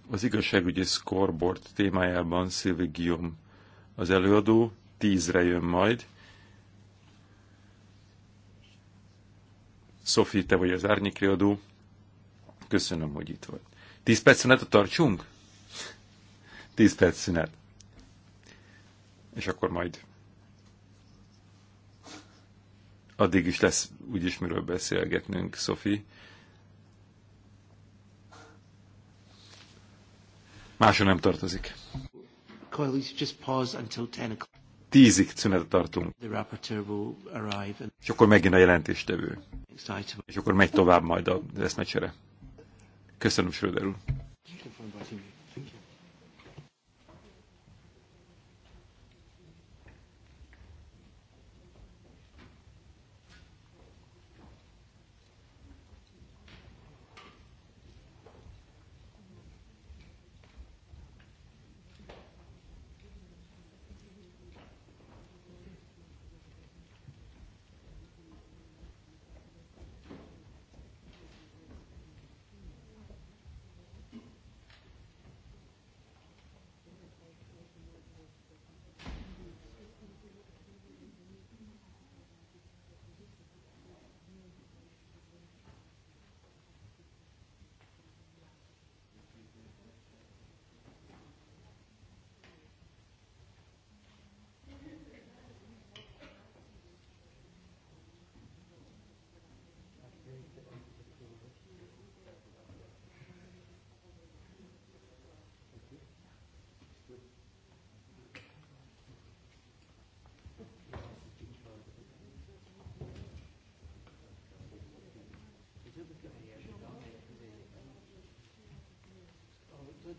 Az igazságügyi scoreboard témájában Szilvi Guillaume az előadó, tízre jön majd. Szofi, te vagy az árnyékriadó. Köszönöm, hogy itt vagy. Tíz perc szünetet tartsunk? Tíz perc szünet. És akkor majd Addig is lesz úgyis miről beszélgetnünk, Szofi. Másra nem tartozik. Tízig szünetet tartunk. És akkor megint a jelentéstevő. És akkor megy tovább majd a eszmecsere. Köszönöm, Schröder úr.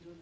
Joule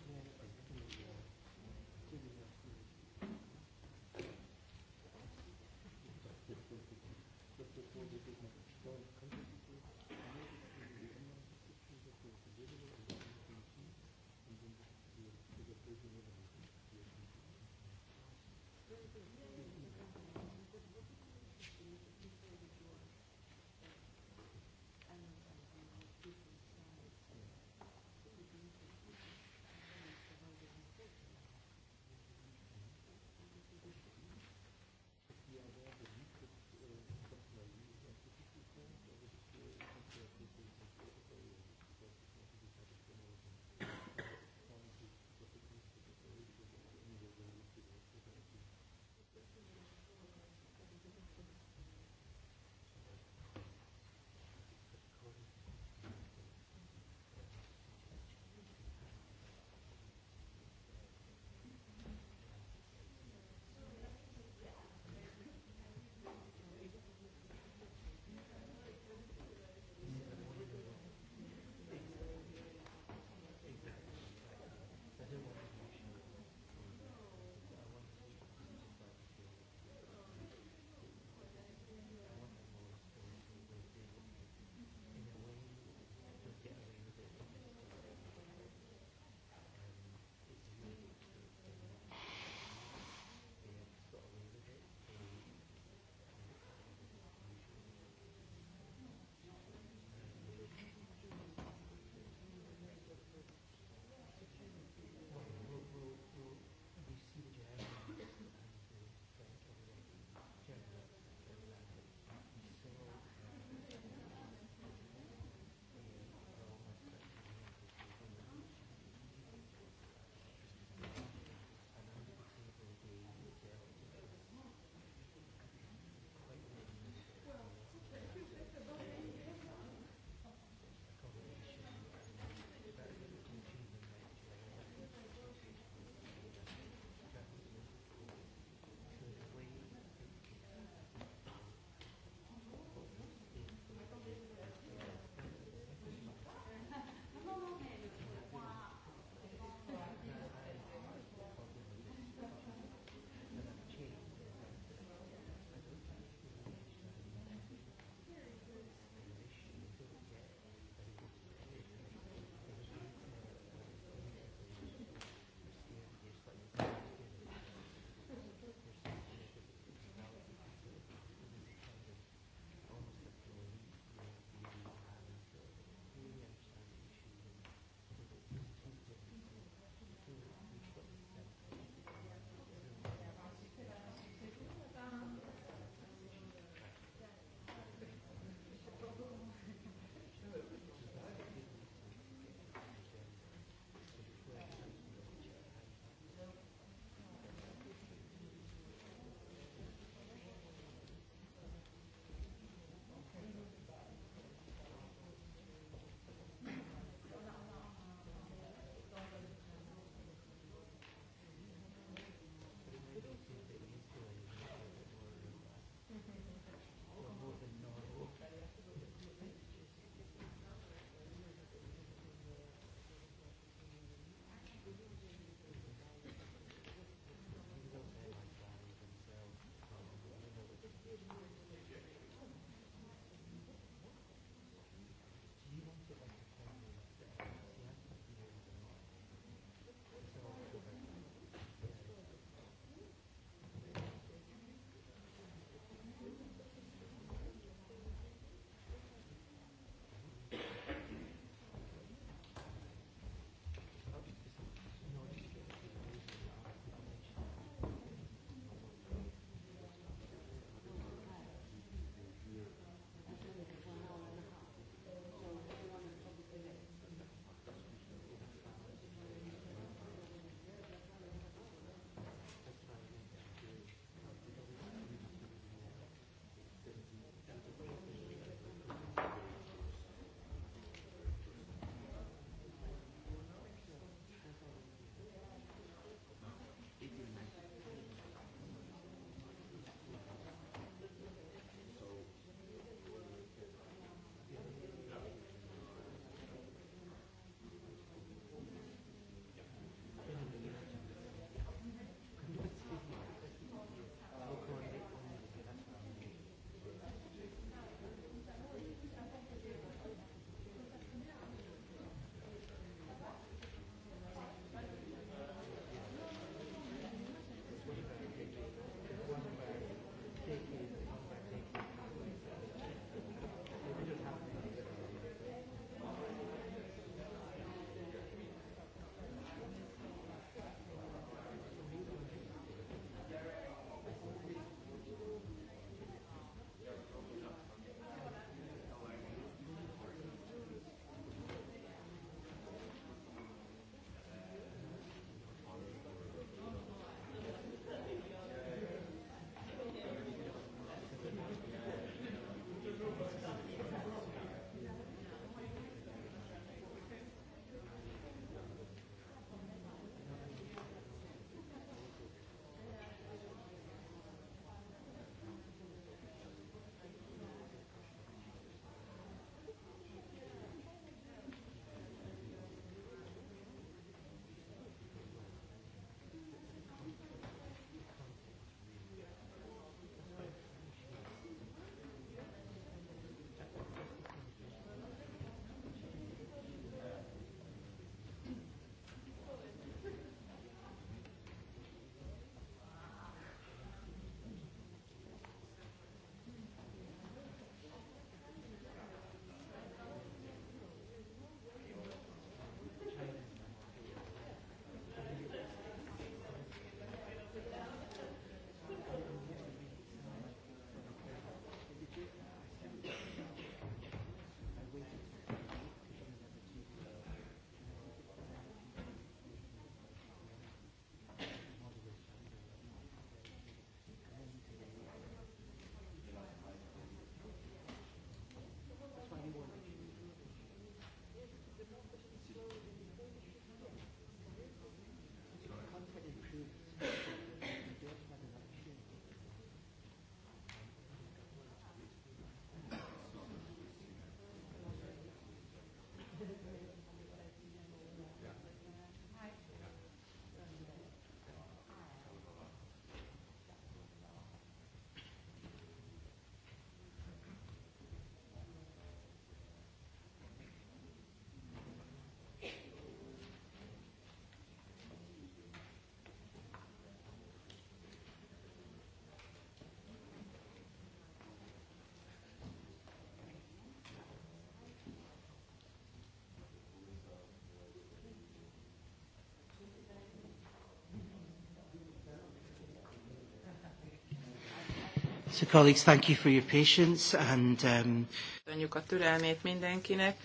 So colleagues, thank you for your patience and... Um... Köszönjük a türelmét mindenkinek.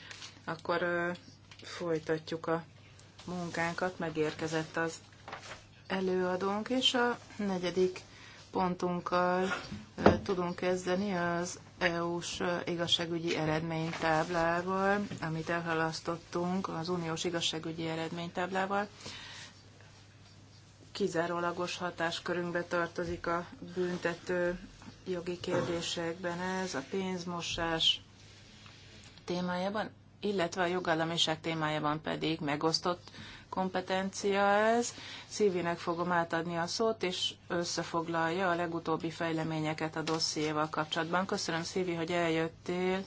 Akkor uh, folytatjuk a munkánkat. Megérkezett az előadónk, és a negyedik pontunkkal uh, tudunk kezdeni az EU-s igazságügyi eredménytáblával, amit elhalasztottunk az uniós igazságügyi eredménytáblával. Kizárólagos hatáskörünkbe tartozik a büntető jogi kérdésekben ez, a pénzmosás témájában, illetve a jogállamiság témájában pedig megosztott kompetencia ez. Szívinek fogom átadni a szót, és összefoglalja a legutóbbi fejleményeket a dossziéval kapcsolatban. Köszönöm, Szívi, hogy eljöttél.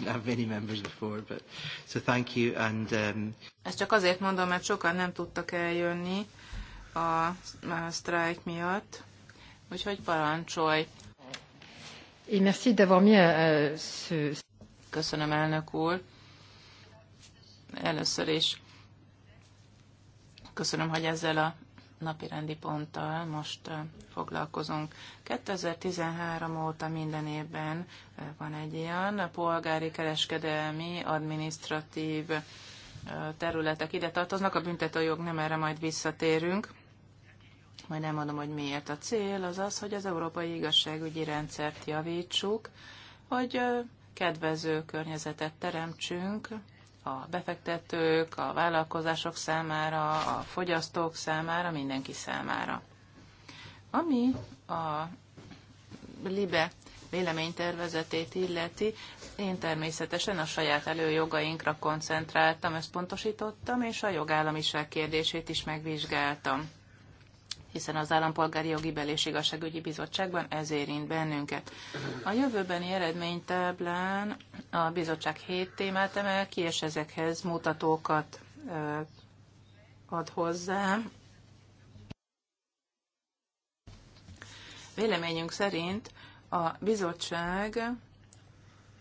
Um, Ezt csak azért mondom, mert sokan nem tudtak eljönni a, a sztrájk miatt. Úgyhogy parancsolj! Euh, köszönöm, elnök úr! Először is köszönöm, hogy ezzel a napi rendi ponttal most foglalkozunk. 2013 óta minden évben van egy ilyen polgári, kereskedelmi, administratív területek ide tartoznak. A büntetőjog nem erre majd visszatérünk majd nem mondom, hogy miért. A cél az az, hogy az európai igazságügyi rendszert javítsuk, hogy kedvező környezetet teremtsünk a befektetők, a vállalkozások számára, a fogyasztók számára, mindenki számára. Ami a LIBE véleménytervezetét illeti, én természetesen a saját előjogainkra koncentráltam, összpontosítottam, és a jogállamiság kérdését is megvizsgáltam hiszen az Állampolgári Jogi Bel és Igazságügyi Bizottságban ez érint bennünket. A jövőbeni eredménytáblán a bizottság hét témát emel ki, és ezekhez mutatókat ad hozzá. Véleményünk szerint a bizottság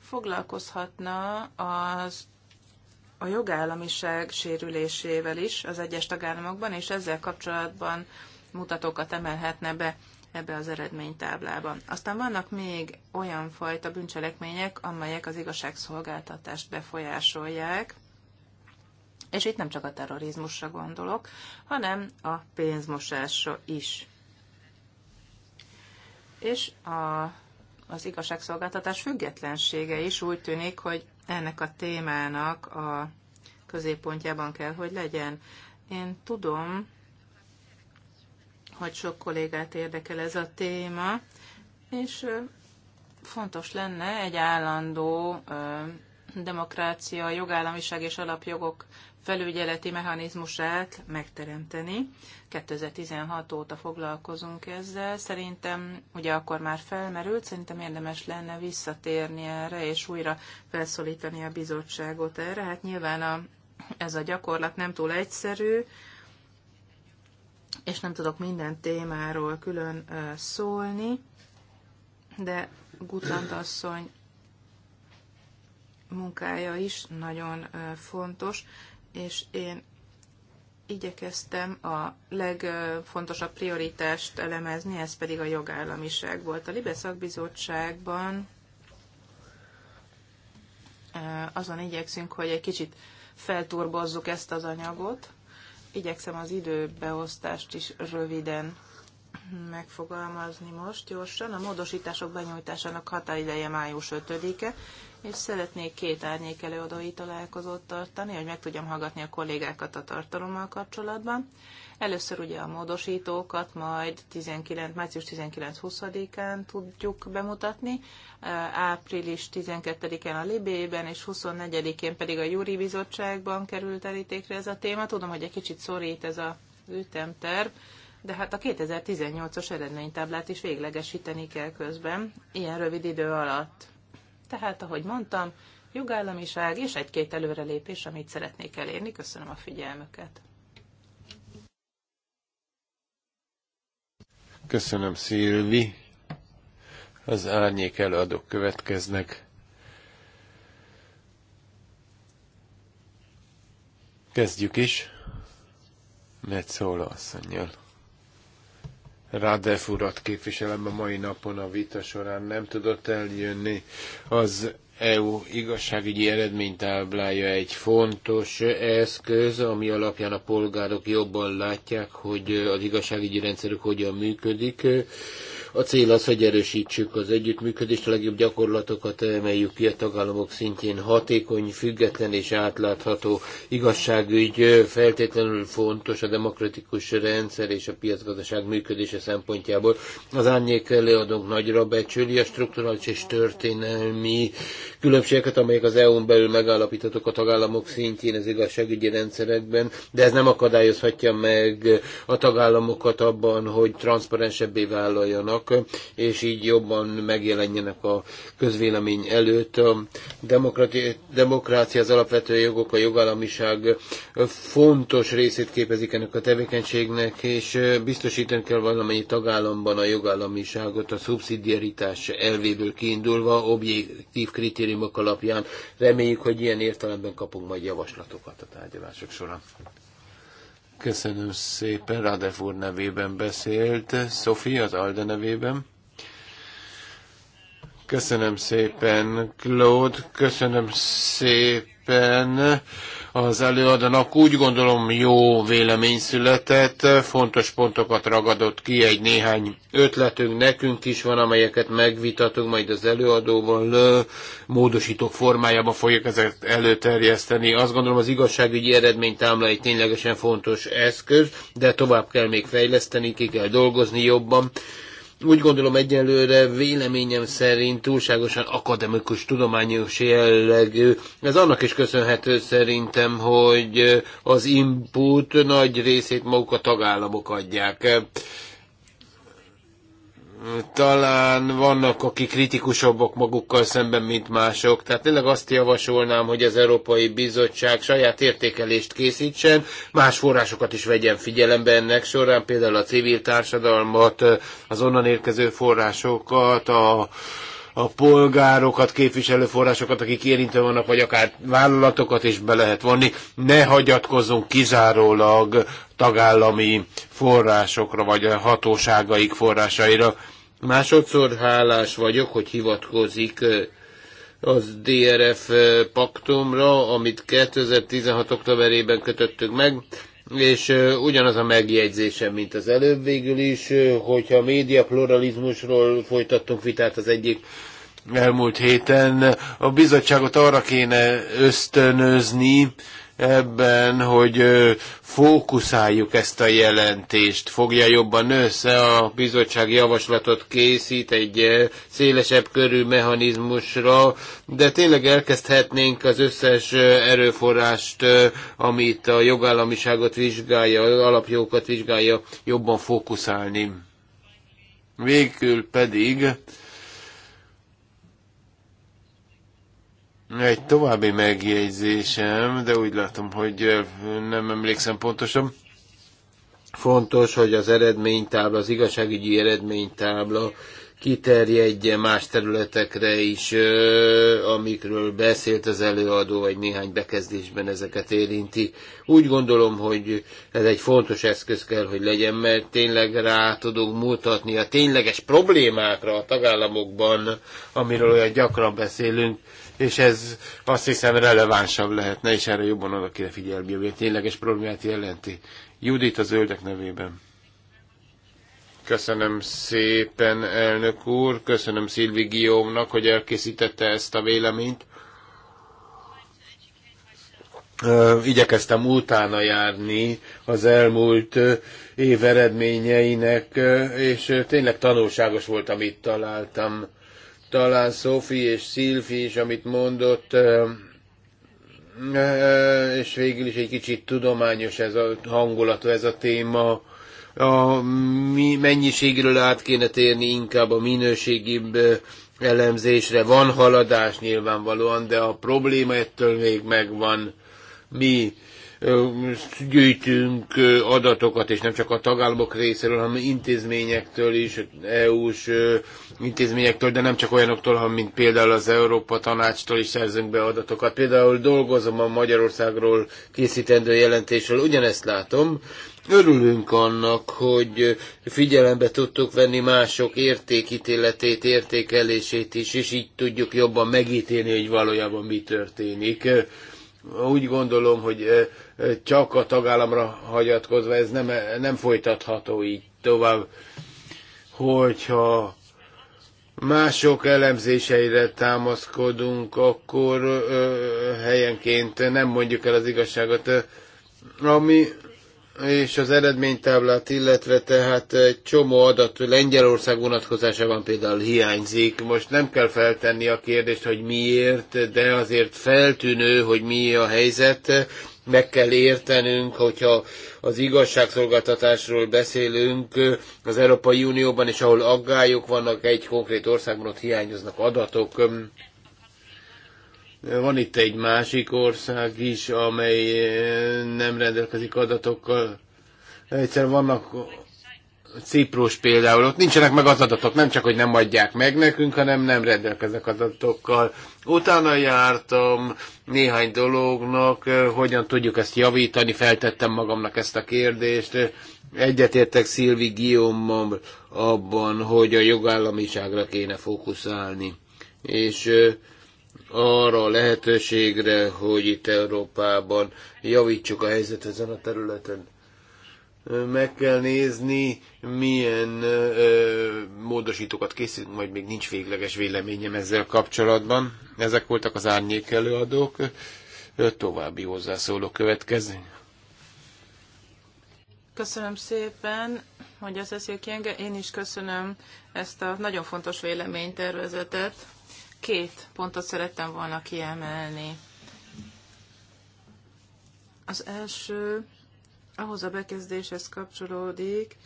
foglalkozhatna az a jogállamiság sérülésével is az egyes tagállamokban, és ezzel kapcsolatban mutatókat emelhetne be ebbe az eredménytáblában. Aztán vannak még olyan fajta bűncselekmények, amelyek az igazságszolgáltatást befolyásolják, és itt nem csak a terrorizmusra gondolok, hanem a pénzmosásra is. És a, az igazságszolgáltatás függetlensége is úgy tűnik, hogy ennek a témának a középpontjában kell, hogy legyen. Én tudom, hogy sok kollégát érdekel ez a téma, és fontos lenne egy állandó demokrácia, jogállamiság és alapjogok felügyeleti mechanizmusát megteremteni. 2016 óta foglalkozunk ezzel. Szerintem, ugye akkor már felmerült, szerintem érdemes lenne visszatérni erre, és újra felszólítani a bizottságot erre. Hát nyilván a, ez a gyakorlat nem túl egyszerű, és nem tudok minden témáról külön szólni, de Gutland asszony munkája is nagyon fontos, és én igyekeztem a legfontosabb prioritást elemezni, ez pedig a jogállamiság volt. A Libe szakbizottságban azon igyekszünk, hogy egy kicsit felturbozzuk ezt az anyagot, Igyekszem az időbeosztást is röviden megfogalmazni most gyorsan. A módosítások benyújtásának határideje május 5-e, és szeretnék két árnyék előadói találkozót tartani, hogy meg tudjam hallgatni a kollégákat a tartalommal kapcsolatban. Először ugye a módosítókat majd 19, március 19-20-án tudjuk bemutatni, április 12-en a Libében és 24-én pedig a Júri Bizottságban került elítékre ez a téma. Tudom, hogy egy kicsit szorít ez a ütemterv, de hát a 2018-as eredménytáblát is véglegesíteni kell közben, ilyen rövid idő alatt. Tehát, ahogy mondtam, jogállamiság és egy-két előrelépés, amit szeretnék elérni. Köszönöm a figyelmüket. Köszönöm, Szilvi. Az árnyék előadók következnek. Kezdjük is. Metszóla asszonyjal. Rádev urat képviselem a mai napon a vita során nem tudott eljönni. Az EU igazságügyi eredménytáblája egy fontos eszköz, ami alapján a polgárok jobban látják, hogy az igazságügyi rendszerük hogyan működik a cél az, hogy erősítsük az együttműködést, a legjobb gyakorlatokat emeljük ki a tagállamok szintjén. Hatékony, független és átlátható igazságügy feltétlenül fontos a demokratikus rendszer és a piacgazdaság működése szempontjából. Az árnyék előadónk nagyra becsüli a strukturális és történelmi különbségeket, amelyek az EU-n belül megállapíthatók a tagállamok szintjén az igazságügyi rendszerekben, de ez nem akadályozhatja meg a tagállamokat abban, hogy transzparensebbé vállaljanak, és így jobban megjelenjenek a közvélemény előtt. A demokrácia, az alapvető jogok, a jogállamiság fontos részét képezik ennek a tevékenységnek, és biztosítani kell valamennyi tagállamban a jogállamiságot a szubszidiaritás elvéből kiindulva objektív kritérium kritériumok alapján. Reméljük, hogy ilyen értelemben kapunk majd javaslatokat a tárgyalások során. Köszönöm szépen, Radev úr nevében beszélt, Szofi az Alde nevében. Köszönöm szépen, Claude, köszönöm szépen az előadónak. Úgy gondolom jó vélemény született, fontos pontokat ragadott ki, egy néhány ötletünk nekünk is van, amelyeket megvitatunk, majd az előadóval módosítók formájában fogjuk ezeket előterjeszteni. Azt gondolom az igazságügyi eredménytámla egy ténylegesen fontos eszköz, de tovább kell még fejleszteni, ki kell dolgozni jobban. Úgy gondolom egyenlőre véleményem szerint túlságosan akademikus, tudományos jellegű. Ez annak is köszönhető szerintem, hogy az input nagy részét maguk a tagállamok adják talán vannak, akik kritikusabbak magukkal szemben, mint mások. Tehát tényleg azt javasolnám, hogy az Európai Bizottság saját értékelést készítsen, más forrásokat is vegyen figyelembe ennek során, például a civil társadalmat, az onnan érkező forrásokat, a a polgárokat, képviselő forrásokat, akik érintve vannak, vagy akár vállalatokat is be lehet vonni. Ne hagyatkozzunk kizárólag tagállami forrásokra, vagy a hatóságaik forrásaira. Másodszor hálás vagyok, hogy hivatkozik az DRF paktumra, amit 2016. októberében kötöttük meg, és ugyanaz a megjegyzésem, mint az előbb végül is, hogyha média pluralizmusról folytattunk vitát az egyik elmúlt héten, a bizottságot arra kéne ösztönözni, ebben, hogy fókuszáljuk ezt a jelentést, fogja jobban össze a bizottság javaslatot készít egy szélesebb körű mechanizmusra, de tényleg elkezdhetnénk az összes erőforrást, amit a jogállamiságot vizsgálja, az alapjókat vizsgálja, jobban fókuszálni. Végül pedig Egy további megjegyzésem, de úgy látom, hogy eh, nem emlékszem pontosan. Fontos, hogy az eredménytábla, az igazságügyi eredménytábla kiterjedje más területekre is, eh, amikről beszélt az előadó, vagy néhány bekezdésben ezeket érinti. Úgy gondolom, hogy ez egy fontos eszköz kell, hogy legyen, mert tényleg rá tudunk mutatni a tényleges problémákra a tagállamokban, amiről olyan gyakran beszélünk, és ez azt hiszem relevánsabb lehetne, és erre jobban oda kéne figyelni, hogy tényleges problémát jelenti. Judit az öldek nevében. Köszönöm szépen, elnök úr, köszönöm Szilvi Guillaume-nak, hogy elkészítette ezt a véleményt. Igyekeztem utána járni az elmúlt év eredményeinek, és tényleg tanulságos volt, amit találtam talán Sophie és Szilfi is, amit mondott, és végül is egy kicsit tudományos ez a hangulatú, ez a téma. A mennyiségről át kéne térni inkább a minőségibb elemzésre. Van haladás nyilvánvalóan, de a probléma ettől még megvan. Mi gyűjtünk adatokat, és nem csak a tagállamok részéről, hanem intézményektől is, EU-s intézményektől, de nem csak olyanoktól, hanem mint például az Európa Tanácstól is szerzünk be adatokat. Például dolgozom a Magyarországról készítendő jelentésről, ugyanezt látom. Örülünk annak, hogy figyelembe tudtuk venni mások értékítéletét, értékelését is, és így tudjuk jobban megítélni, hogy valójában mi történik. Úgy gondolom, hogy csak a tagállamra hagyatkozva, ez nem, nem folytatható így tovább, hogyha mások elemzéseire támaszkodunk, akkor ö, helyenként nem mondjuk el az igazságot. Ami és az eredménytáblát, illetve tehát egy csomó adat Lengyelország vonatkozásában például hiányzik. Most nem kell feltenni a kérdést, hogy miért, de azért feltűnő, hogy mi a helyzet, meg kell értenünk, hogyha az igazságszolgáltatásról beszélünk az Európai Unióban, és ahol aggályok vannak egy konkrét országban, ott hiányoznak adatok. Van itt egy másik ország is, amely nem rendelkezik adatokkal. Egyszer vannak Ciprus például, ott nincsenek meg az adatok, nem csak, hogy nem adják meg nekünk, hanem nem rendelkeznek adatokkal. Utána jártam néhány dolognak, hogyan tudjuk ezt javítani, feltettem magamnak ezt a kérdést. Egyetértek Szilvi Guillaume abban, hogy a jogállamiságra kéne fókuszálni. És arra a lehetőségre, hogy itt Európában javítsuk a helyzetet ezen a területen meg kell nézni, milyen ö, módosítókat készítünk, majd még nincs végleges véleményem ezzel kapcsolatban. Ezek voltak az árnyék előadók. További hozzászóló következik. Köszönöm szépen, hogy az eszél kienge. Én is köszönöm ezt a nagyon fontos véleménytervezetet. Két pontot szerettem volna kiemelni. Az első, ahhoz a bekezdéshez kapcsolódik,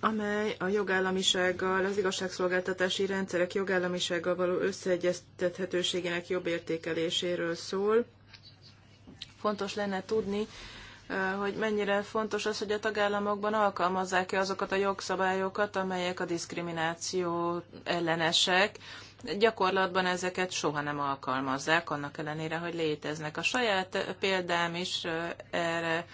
amely a jogállamisággal, az igazságszolgáltatási rendszerek jogállamisággal való összeegyeztethetőségének jobb értékeléséről szól. Fontos lenne tudni, hogy mennyire fontos az, hogy a tagállamokban alkalmazzák-e azokat a jogszabályokat, amelyek a diszkrimináció ellenesek, gyakorlatban ezeket soha nem alkalmazzák, annak ellenére, hogy léteznek. A saját példám is erre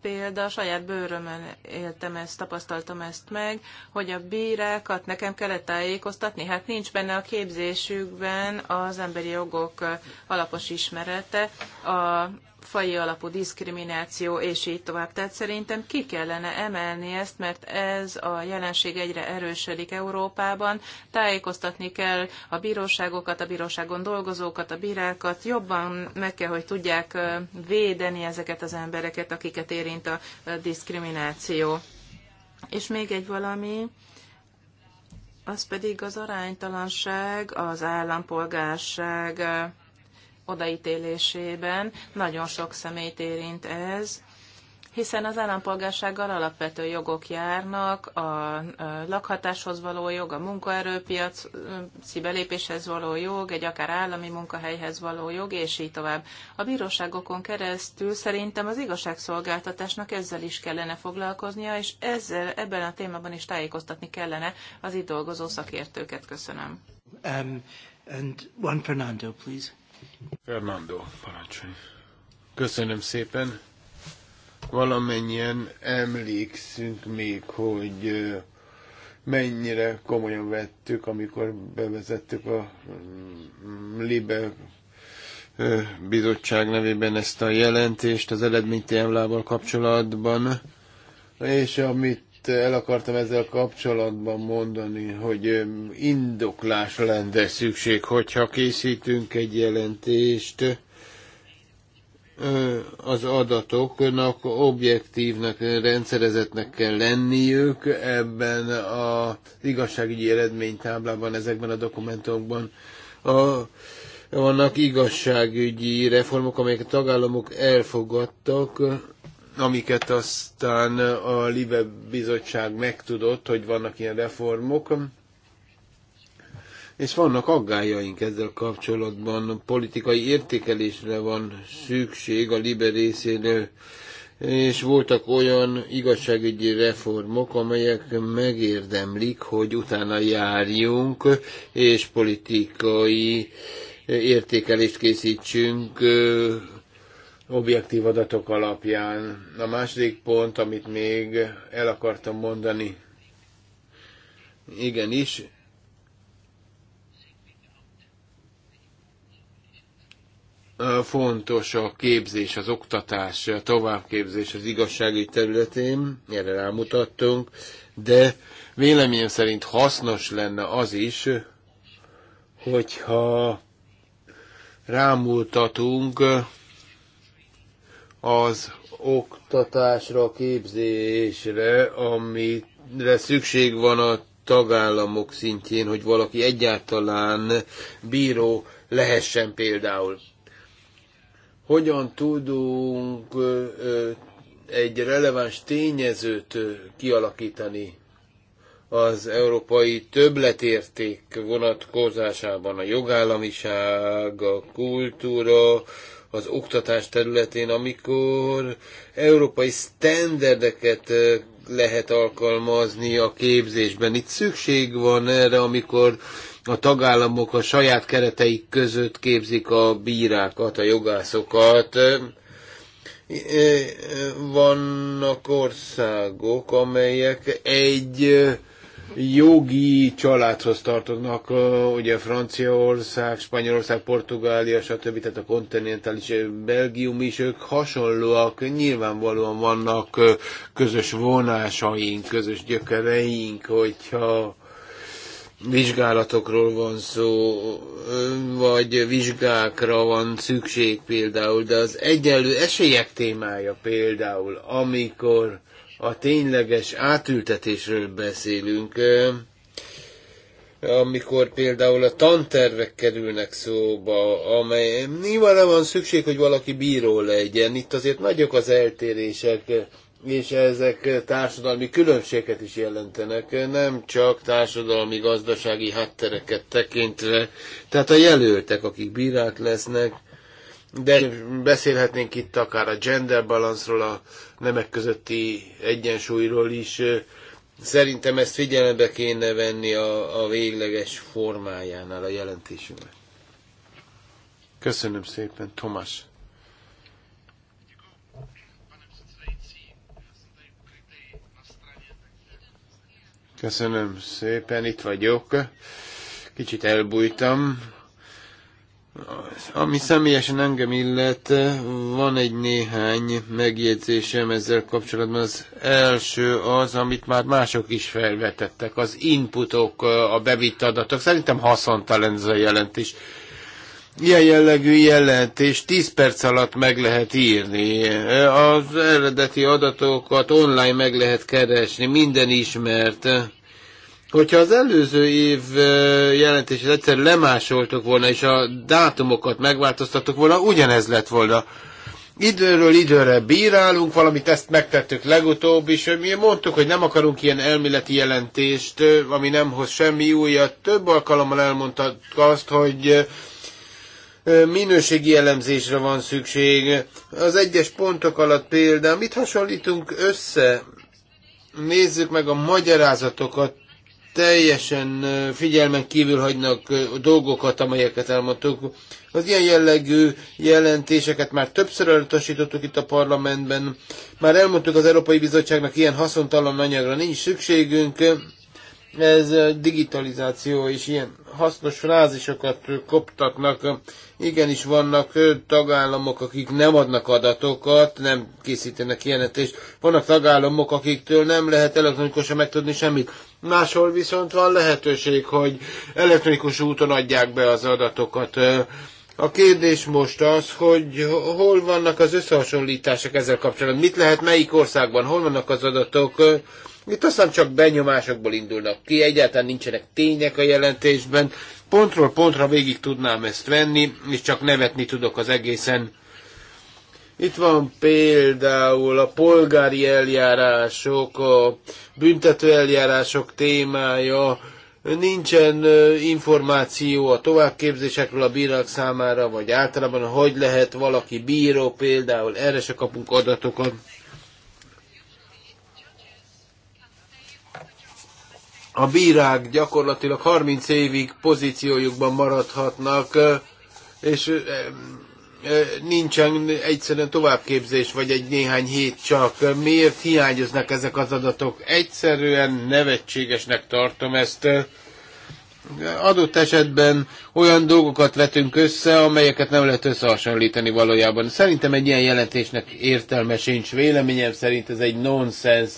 példa, a saját bőrömön éltem ezt, tapasztaltam ezt meg, hogy a bírákat nekem kellett tájékoztatni, hát nincs benne a képzésükben az emberi jogok alapos ismerete, a faji alapú diszkrimináció, és így tovább. Tehát szerintem ki kellene emelni ezt, mert ez a jelenség egyre erősödik Európában. Tájékoztatni kell a bíróságokat, a bíróságon dolgozókat, a bírákat. Jobban meg kell, hogy tudják védeni ezeket az embereket, akiket érint a diszkrimináció. És még egy valami, az pedig az aránytalanság, az állampolgárság odaítélésében nagyon sok személyt érint ez, hiszen az állampolgársággal alapvető jogok járnak, a lakhatáshoz való jog, a munkaerőpiaci belépéshez való jog, egy akár állami munkahelyhez való jog, és így tovább. A bíróságokon keresztül szerintem az igazságszolgáltatásnak ezzel is kellene foglalkoznia, és ezzel ebben a témában is tájékoztatni kellene az itt dolgozó szakértőket. Köszönöm. Um, and Juan Fernando, please. Fernando, parancsolj. Köszönöm szépen. Valamennyien emlékszünk még, hogy mennyire komolyan vettük, amikor bevezettük a mm, Libe bizottság nevében ezt a jelentést az eredménytémlával kapcsolatban, és amit el akartam ezzel kapcsolatban mondani, hogy indoklás lenne szükség, hogyha készítünk egy jelentést, az adatoknak objektívnak, rendszerezetnek kell lenniük ebben az igazságügyi eredménytáblában, ezekben a dokumentumokban. A, vannak igazságügyi reformok, amelyeket a tagállamok elfogadtak, amiket aztán a Libe bizottság megtudott, hogy vannak ilyen reformok, és vannak aggájaink ezzel kapcsolatban, politikai értékelésre van szükség a Libe részéről, és voltak olyan igazságügyi reformok, amelyek megérdemlik, hogy utána járjunk, és politikai értékelést készítsünk objektív adatok alapján. A második pont, amit még el akartam mondani, igenis, fontos a képzés, az oktatás, a továbbképzés az igazságügy területén, erre rámutattunk, de véleményem szerint hasznos lenne az is, hogyha rámutatunk az oktatásra, képzésre, amire szükség van a tagállamok szintjén, hogy valaki egyáltalán bíró lehessen például. Hogyan tudunk egy releváns tényezőt kialakítani az európai többletérték vonatkozásában a jogállamiság, a kultúra, az oktatás területén, amikor európai sztenderdeket lehet alkalmazni a képzésben. Itt szükség van erre, amikor a tagállamok a saját kereteik között képzik a bírákat, a jogászokat. Vannak országok, amelyek egy jogi családhoz tartoznak, ugye Franciaország, Spanyolország, Portugália, stb. Tehát a kontinentális Belgium is, ők hasonlóak, nyilvánvalóan vannak közös vonásaink, közös gyökereink, hogyha vizsgálatokról van szó, vagy vizsgákra van szükség például, de az egyenlő esélyek témája például, amikor a tényleges átültetésről beszélünk, amikor például a tantervek kerülnek szóba, amely nyilván van szükség, hogy valaki bíró legyen. Itt azért nagyok az eltérések, és ezek társadalmi különbséget is jelentenek, nem csak társadalmi, gazdasági háttereket tekintve. Tehát a jelöltek, akik bírák lesznek, de beszélhetnénk itt akár a gender balanszról, a nemek közötti egyensúlyról is. Szerintem ezt figyelembe kéne venni a, a végleges formájánál a jelentésünknek. Köszönöm szépen, Tomás. Köszönöm szépen, itt vagyok. Kicsit elbújtam ami személyesen engem illet, van egy néhány megjegyzésem ezzel kapcsolatban. Az első az, amit már mások is felvetettek, az inputok, a bevitt adatok. Szerintem haszontalan ez a jelentés. Ilyen jellegű jelentés 10 perc alatt meg lehet írni. Az eredeti adatokat online meg lehet keresni, minden ismert Hogyha az előző év jelentését egyszer lemásoltuk volna, és a dátumokat megváltoztattuk volna, ugyanez lett volna. Időről időre bírálunk, valamit ezt megtettük legutóbb is, hogy mi mondtuk, hogy nem akarunk ilyen elméleti jelentést, ami nem hoz semmi újat. Több alkalommal elmondtak azt, hogy minőségi elemzésre van szükség. Az egyes pontok alatt például mit hasonlítunk össze? Nézzük meg a magyarázatokat, teljesen figyelmen kívül hagynak dolgokat, amelyeket elmondtuk. Az ilyen jellegű jelentéseket már többször elutasítottuk itt a parlamentben. Már elmondtuk az Európai Bizottságnak, ilyen haszontalan anyagra nincs szükségünk. Ez digitalizáció és ilyen hasznos frázisokat koptatnak. Igenis vannak tagállamok, akik nem adnak adatokat, nem készítenek jelentést. Vannak tagállamok, akiktől nem lehet elektronikusan megtudni semmit Máshol viszont van lehetőség, hogy elektronikus úton adják be az adatokat. A kérdés most az, hogy hol vannak az összehasonlítások ezzel kapcsolatban, mit lehet melyik országban, hol vannak az adatok, itt aztán csak benyomásokból indulnak ki, egyáltalán nincsenek tények a jelentésben, pontról pontra végig tudnám ezt venni, és csak nevetni tudok az egészen. Itt van például a polgári eljárások, a büntető eljárások témája, nincsen információ a továbbképzésekről a bírák számára, vagy általában hogy lehet valaki bíró például, erre se kapunk adatokat. A bírák gyakorlatilag 30 évig pozíciójukban maradhatnak, és nincsen egyszerűen továbbképzés, vagy egy néhány hét csak. Miért hiányoznak ezek az adatok? Egyszerűen nevetségesnek tartom ezt. Adott esetben olyan dolgokat vetünk össze, amelyeket nem lehet összehasonlítani valójában. Szerintem egy ilyen jelentésnek értelme sincs. Véleményem szerint ez egy nonsens.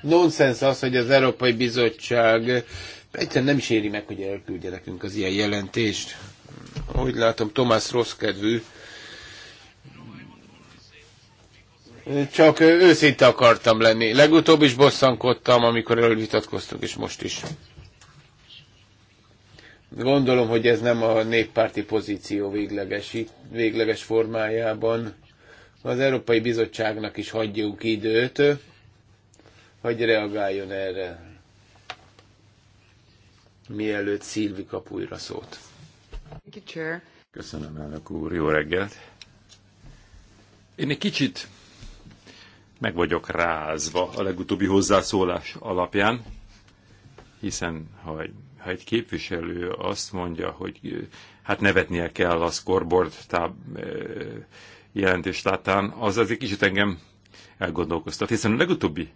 Nonsens az, hogy az Európai Bizottság egyszerűen nem is éri meg, hogy elküldje nekünk az ilyen jelentést. Úgy látom, Tomás rossz kedvű. Csak őszinte akartam lenni. Legutóbb is bosszankodtam, amikor erről vitatkoztunk, és most is. Gondolom, hogy ez nem a néppárti pozíció végleges, végleges formájában. Az Európai Bizottságnak is hagyjuk időt, hogy reagáljon erre, mielőtt Szilvi kap újra szót. Köszönöm, elnök úr, jó reggelt! Én egy kicsit meg vagyok rázva a legutóbbi hozzászólás alapján, hiszen ha egy, ha egy képviselő azt mondja, hogy hát nevetnie kell a scoreboard táb, jelentést látán, az egy kicsit engem elgondolkoztat, hiszen a legutóbbi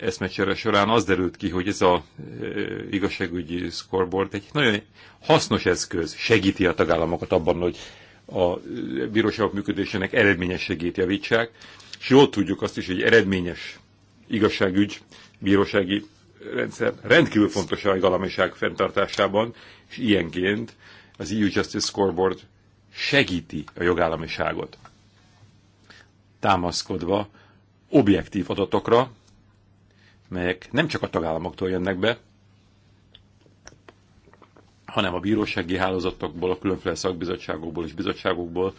eszmecsere során az derült ki, hogy ez a e, igazságügyi scoreboard egy nagyon hasznos eszköz, segíti a tagállamokat abban, hogy a bíróságok működésének eredményességét javítsák, és jól tudjuk azt is, hogy eredményes igazságügy, bírósági rendszer rendkívül fontos a galamiság fenntartásában, és ilyenként az EU Justice Scoreboard segíti a jogállamiságot. Támaszkodva objektív adatokra, melyek nem csak a tagállamoktól jönnek be, hanem a bírósági hálózatokból, a különféle szakbizottságokból és bizottságokból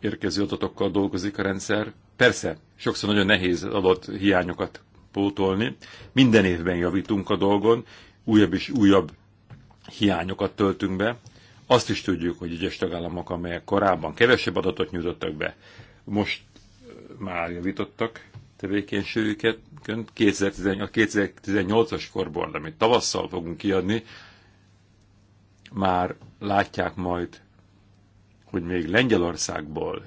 érkező adatokkal dolgozik a rendszer. Persze, sokszor nagyon nehéz adott hiányokat pótolni. Minden évben javítunk a dolgon, újabb és újabb hiányokat töltünk be. Azt is tudjuk, hogy egyes tagállamok, amelyek korábban kevesebb adatot nyújtottak be, most már javítottak tevékenységüket. 2018-as korból, amit tavasszal fogunk kiadni, már látják majd hogy még Lengyelországból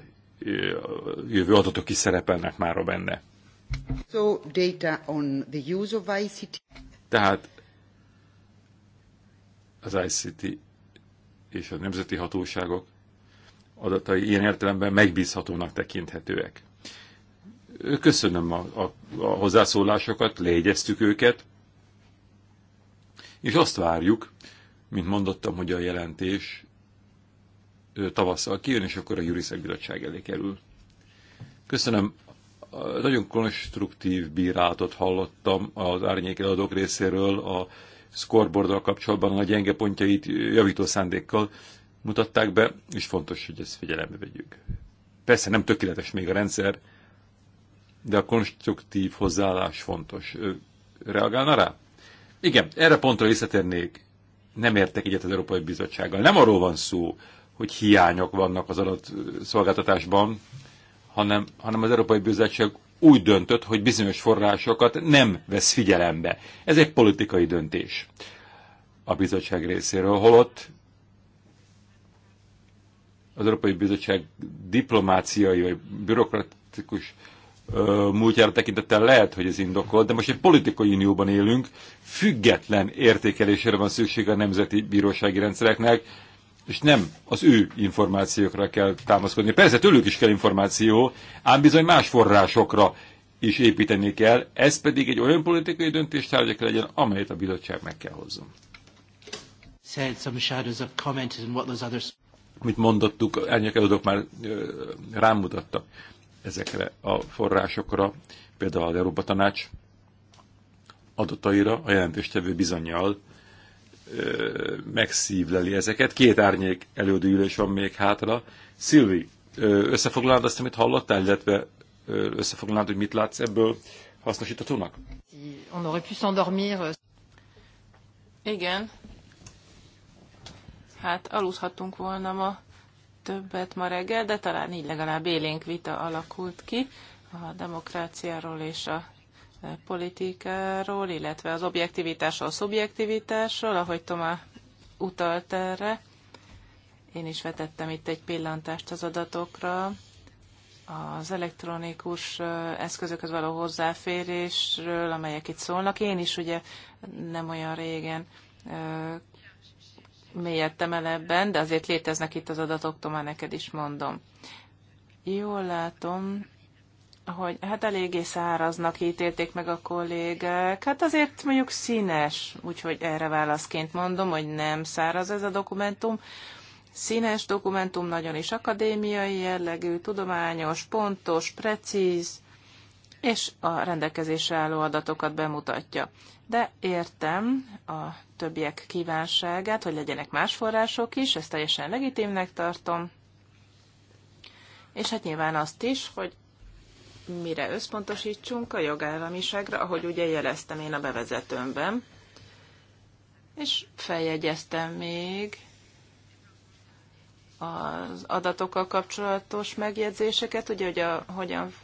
jövő adatok is szerepelnek már benne. So data on the use of ICT. Tehát az ICT és a nemzeti hatóságok adatai ilyen értelemben megbízhatónak tekinthetőek. Köszönöm a, a, a hozzászólásokat, leegyeztük őket, és azt várjuk, mint mondottam, hogy a jelentés tavasszal kijön, és akkor a Juriszek Bizottság elé kerül. Köszönöm. Nagyon konstruktív bírálatot hallottam az árnyék eladók részéről a scoreboarddal kapcsolatban, a gyenge pontjait javító szándékkal mutatták be, és fontos, hogy ezt figyelembe vegyük. Persze nem tökéletes még a rendszer, de a konstruktív hozzáállás fontos. Reagálna rá? Igen, erre pontra visszatérnék. Nem értek egyet az Európai Bizottsággal. Nem arról van szó, hogy hiányok vannak az adott szolgáltatásban, hanem, hanem az Európai Bizottság úgy döntött, hogy bizonyos forrásokat nem vesz figyelembe. Ez egy politikai döntés a bizottság részéről, holott az Európai Bizottság diplomáciai vagy bürokratikus múltjára tekintettel lehet, hogy ez indokolt, de most egy politikai unióban élünk, független értékelésére van szükség a nemzeti bírósági rendszereknek, és nem az ő információkra kell támaszkodni. Persze tőlük is kell információ, ám bizony más forrásokra is építeni kell, ez pedig egy olyan politikai döntés tárgyak legyen, amelyet a bizottság meg kell hozzon. Mit mondottuk, elnyek előadók már rámutattak ezekre a forrásokra, például az Európa Tanács adataira a jelentéstevő bizonyal megszívleli ezeket. Két árnyék előadóülés van még hátra. Szilvi, összefoglalnád azt, amit hallottál, illetve összefoglalnád, hogy mit látsz ebből hasznosítatónak? On aurait pu s'endormir. Igen. Hát aludhattunk volna ma többet ma reggel, de talán így legalább élénk vita alakult ki a demokráciáról és a politikáról, illetve az objektivitásról, szubjektivitásról, ahogy Tomá utalt erre. Én is vetettem itt egy pillantást az adatokra. Az elektronikus eszközökhöz való hozzáférésről, amelyek itt szólnak. Én is ugye nem olyan régen mélyedtem el ebben, de azért léteznek itt az adatok, Tomá, neked is mondom. Jól látom, hogy hát eléggé száraznak ítélték meg a kollégák. Hát azért mondjuk színes, úgyhogy erre válaszként mondom, hogy nem száraz ez a dokumentum. Színes dokumentum, nagyon is akadémiai jellegű, tudományos, pontos, precíz, és a rendelkezésre álló adatokat bemutatja. De értem a többiek kívánságát, hogy legyenek más források is, ezt teljesen legitimnek tartom, és hát nyilván azt is, hogy mire összpontosítsunk a jogállamiságra, ahogy ugye jeleztem én a bevezetőmben. És feljegyeztem még az adatokkal kapcsolatos megjegyzéseket, ugye, hogy a, hogyan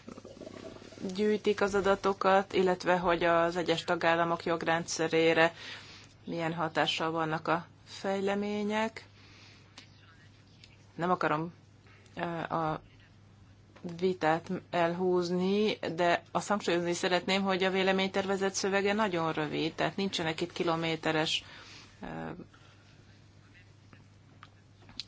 gyűjtik az adatokat, illetve hogy az egyes tagállamok jogrendszerére milyen hatással vannak a fejlemények. Nem akarom a vitát elhúzni, de azt hangsúlyozni szeretném, hogy a véleménytervezet szövege nagyon rövid, tehát nincsenek itt kilométeres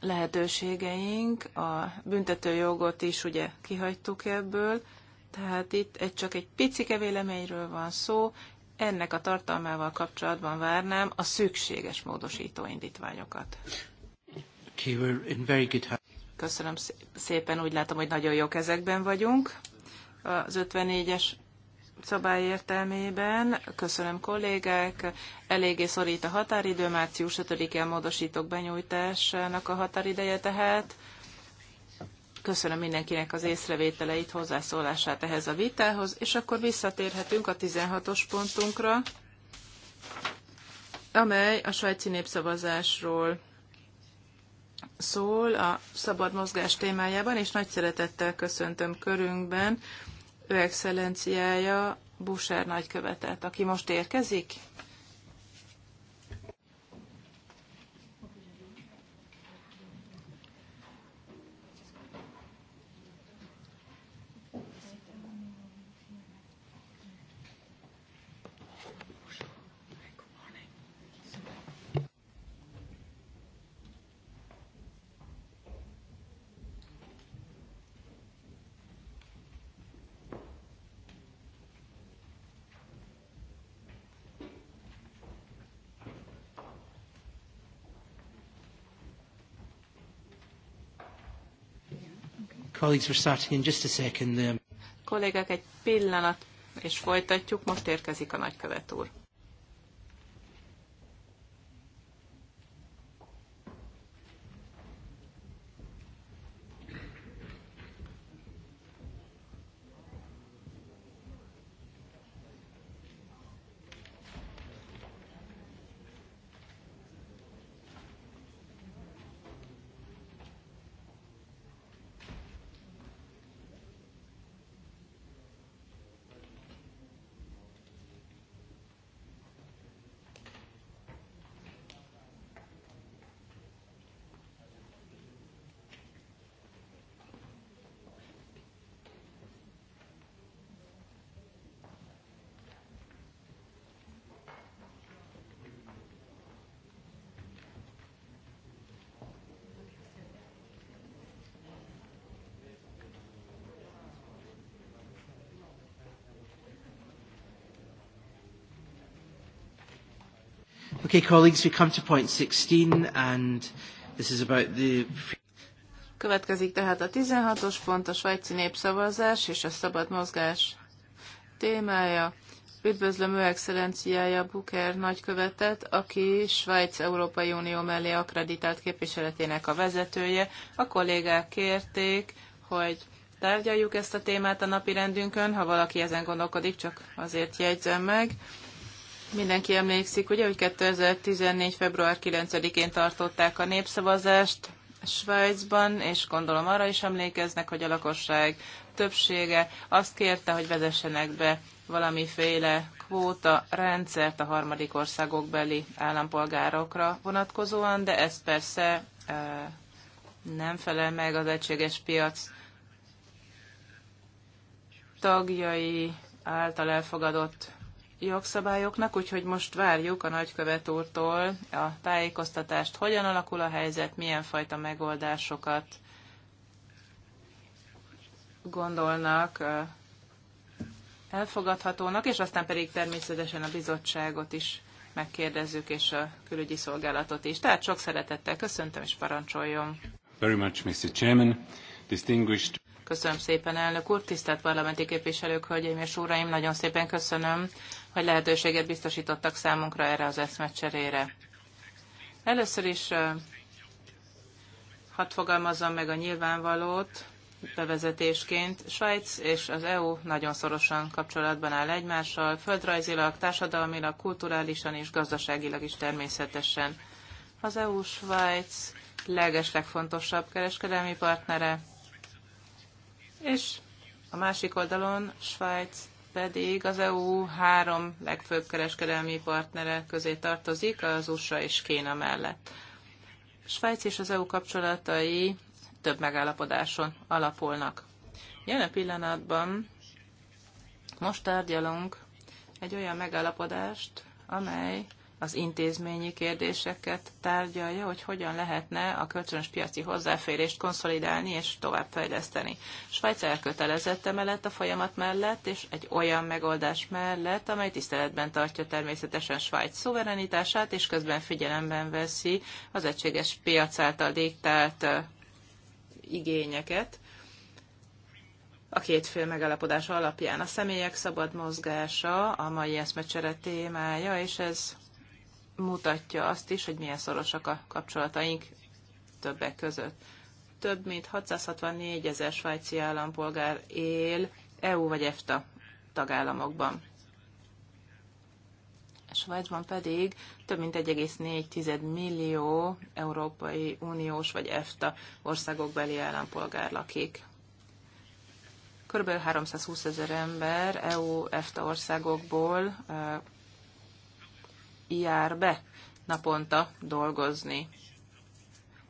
lehetőségeink. A büntetőjogot is ugye kihagytuk ebből, tehát itt egy csak egy picike véleményről van szó, ennek a tartalmával kapcsolatban várnám a szükséges módosító indítványokat. Okay, we're in very good Köszönöm szépen, úgy látom, hogy nagyon jó kezekben vagyunk az 54-es szabály értelmében. Köszönöm kollégák, eléggé szorít a határidő, március 5-e a módosítók benyújtásának a határideje tehát. Köszönöm mindenkinek az észrevételeit, hozzászólását ehhez a vitához, és akkor visszatérhetünk a 16-os pontunkra, amely a svájci népszavazásról szól a szabad mozgás témájában, és nagy szeretettel köszöntöm körünkben ő excellenciája Busár nagykövetet, aki most érkezik. Colleagues, we're starting in just a second. Um, Kollégák, egy pillanat, és folytatjuk. Most érkezik a nagykövet úr. Okay, colleagues, we come to point 16, and this is about the... Következik tehát a 16-os pont, a svájci népszavazás és a szabad mozgás témája. Üdvözlöm ő excellenciája Buker nagykövetet, aki Svájc Európai Unió mellé akreditált képviseletének a vezetője. A kollégák kérték, hogy tárgyaljuk ezt a témát a napi rendünkön, ha valaki ezen gondolkodik, csak azért jegyzem meg. Mindenki emlékszik, ugye, hogy 2014. február 9-én tartották a népszavazást Svájcban, és gondolom arra is emlékeznek, hogy a lakosság többsége azt kérte, hogy vezessenek be valamiféle kvóta rendszert a harmadik országok beli állampolgárokra vonatkozóan, de ez persze nem felel meg az egységes piac tagjai által elfogadott jogszabályoknak, úgyhogy most várjuk a nagykövet úrtól a tájékoztatást, hogyan alakul a helyzet, milyen fajta megoldásokat gondolnak elfogadhatónak, és aztán pedig természetesen a bizottságot is megkérdezzük, és a külügyi szolgálatot is. Tehát sok szeretettel köszöntöm, és parancsoljon. Very much, Mr. Chairman. Distinguished... Köszönöm szépen, elnök úr, tisztelt parlamenti képviselők, hölgyeim és uraim, nagyon szépen köszönöm, hogy lehetőséget biztosítottak számunkra erre az eszmecserére. Először is hadd fogalmazzam meg a nyilvánvalót bevezetésként. Svájc és az EU nagyon szorosan kapcsolatban áll egymással, földrajzilag, társadalmilag, kulturálisan és gazdaságilag is természetesen. Az EU-Svájc legeslegfontosabb kereskedelmi partnere, és a másik oldalon Svájc pedig az EU három legfőbb kereskedelmi partnere közé tartozik, az USA és Kína mellett. Svájc és az EU kapcsolatai több megállapodáson alapulnak. Jelen pillanatban most tárgyalunk egy olyan megállapodást, amely az intézményi kérdéseket tárgyalja, hogy hogyan lehetne a kölcsönös piaci hozzáférést konszolidálni és továbbfejleszteni. Svájc elkötelezett emellett a folyamat mellett, és egy olyan megoldás mellett, amely tiszteletben tartja természetesen Svájc szuverenitását, és közben figyelemben veszi az egységes piac által diktált igényeket a két fél megalapodása alapján. A személyek szabad mozgása a mai eszmecsere témája, és ez mutatja azt is, hogy milyen szorosak a kapcsolataink többek között. Több mint 664 ezer svájci állampolgár él EU vagy EFTA tagállamokban. Svájcban pedig több mint 1,4 millió Európai Uniós vagy EFTA országok beli állampolgár lakik. Körülbelül 320 ezer ember EU-EFTA országokból jár be naponta dolgozni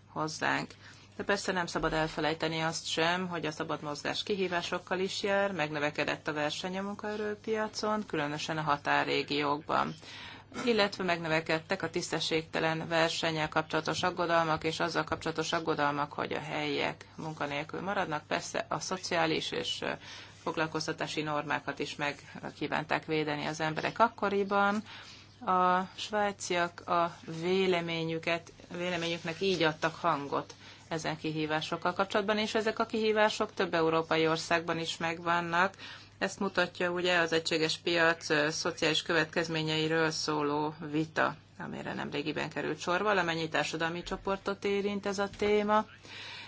hozzánk. De persze nem szabad elfelejteni azt sem, hogy a szabad mozgás kihívásokkal is jár, megnövekedett a verseny a munkaerőpiacon, különösen a határrégiókban illetve megnövekedtek a tisztességtelen versenyel kapcsolatos aggodalmak és azzal kapcsolatos aggodalmak, hogy a helyiek munkanélkül maradnak. Persze a szociális és foglalkoztatási normákat is meg kívánták védeni az emberek akkoriban, a svájciak a véleményüket, véleményüknek így adtak hangot ezen kihívásokkal kapcsolatban, és ezek a kihívások több európai országban is megvannak. Ezt mutatja ugye az egységes piac szociális következményeiről szóló vita, amire nemrégiben került sor, valamennyi társadalmi csoportot érint ez a téma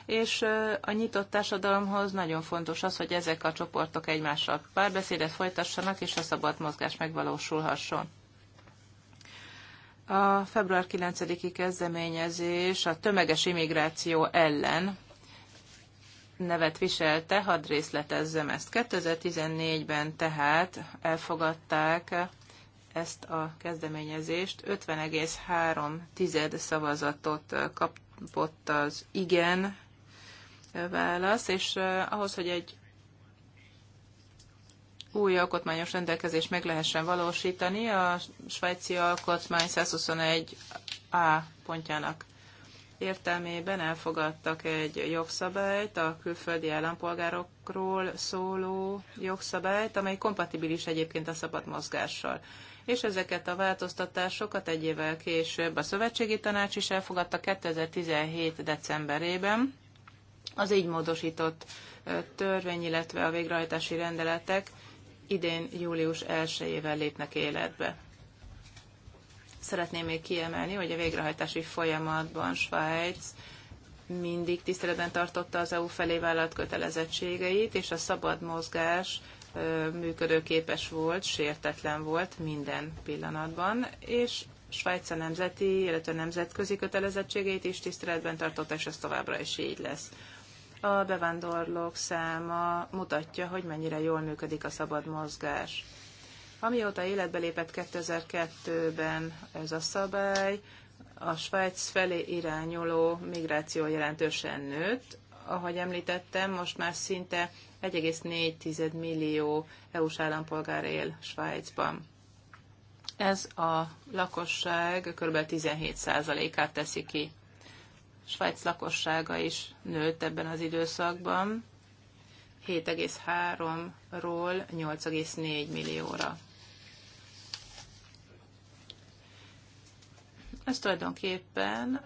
és a nyitott társadalomhoz nagyon fontos az, hogy ezek a csoportok egymással párbeszédet folytassanak, és a szabad mozgás megvalósulhasson. A február 9-i kezdeményezés a tömeges immigráció ellen nevet viselte, hadd részletezzem ezt. 2014-ben tehát elfogadták ezt a kezdeményezést. 50,3 szavazatot kapott az igen válasz, és eh, ahhoz, hogy egy új alkotmányos rendelkezést meg lehessen valósítani a svájci alkotmány 121a pontjának értelmében elfogadtak egy jogszabályt, a külföldi állampolgárokról szóló jogszabályt, amely kompatibilis egyébként a szabad mozgással. És ezeket a változtatásokat egy évvel később a Szövetségi Tanács is elfogadta 2017. decemberében. Az így módosított törvény, illetve a végrehajtási rendeletek idén július 1-ével lépnek életbe. Szeretném még kiemelni, hogy a végrehajtási folyamatban Svájc mindig tiszteletben tartotta az EU felé vállalt kötelezettségeit, és a szabad mozgás működőképes volt, sértetlen volt minden pillanatban, és Svájc a nemzeti, illetve nemzetközi kötelezettségeit is tiszteletben tartotta, és ez továbbra is így lesz a bevándorlók száma mutatja, hogy mennyire jól működik a szabad mozgás. Amióta életbe lépett 2002-ben ez a szabály, a Svájc felé irányuló migráció jelentősen nőtt. Ahogy említettem, most már szinte 1,4 millió EU-s állampolgár él Svájcban. Ez a lakosság kb. 17%-át teszi ki. Svájc lakossága is nőtt ebben az időszakban, 7,3-ról 8,4 millióra. Ez tulajdonképpen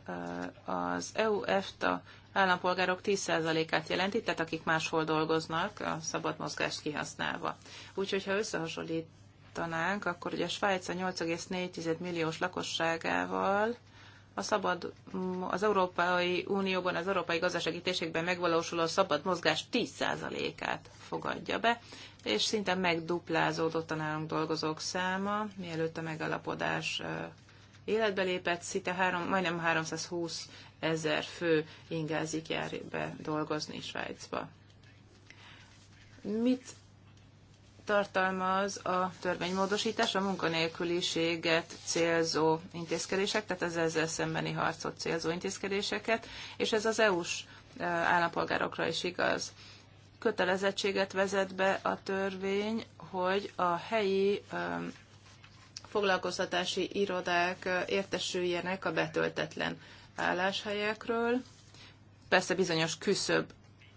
az EU-EFTA állampolgárok 10%-át jelenti, tehát akik máshol dolgoznak, a szabad mozgást kihasználva. Úgyhogy, ha összehasonlítanánk, akkor ugye Svájc a 8,4 milliós lakosságával a szabad, az Európai Unióban, az Európai Gazdasági Térségben megvalósuló szabad mozgás 10%-át fogadja be, és szinte megduplázódott a nálunk dolgozók száma, mielőtt a megalapodás életbe lépett, szinte három, majdnem 320 ezer fő ingázik jár be dolgozni Svájcba. Mit tartalmaz a törvénymódosítás a munkanélküliséget célzó intézkedések, tehát az ezzel szembeni harcot célzó intézkedéseket, és ez az EU-s állampolgárokra is igaz. Kötelezettséget vezet be a törvény, hogy a helyi foglalkoztatási irodák értesüljenek a betöltetlen álláshelyekről. Persze bizonyos küszöbb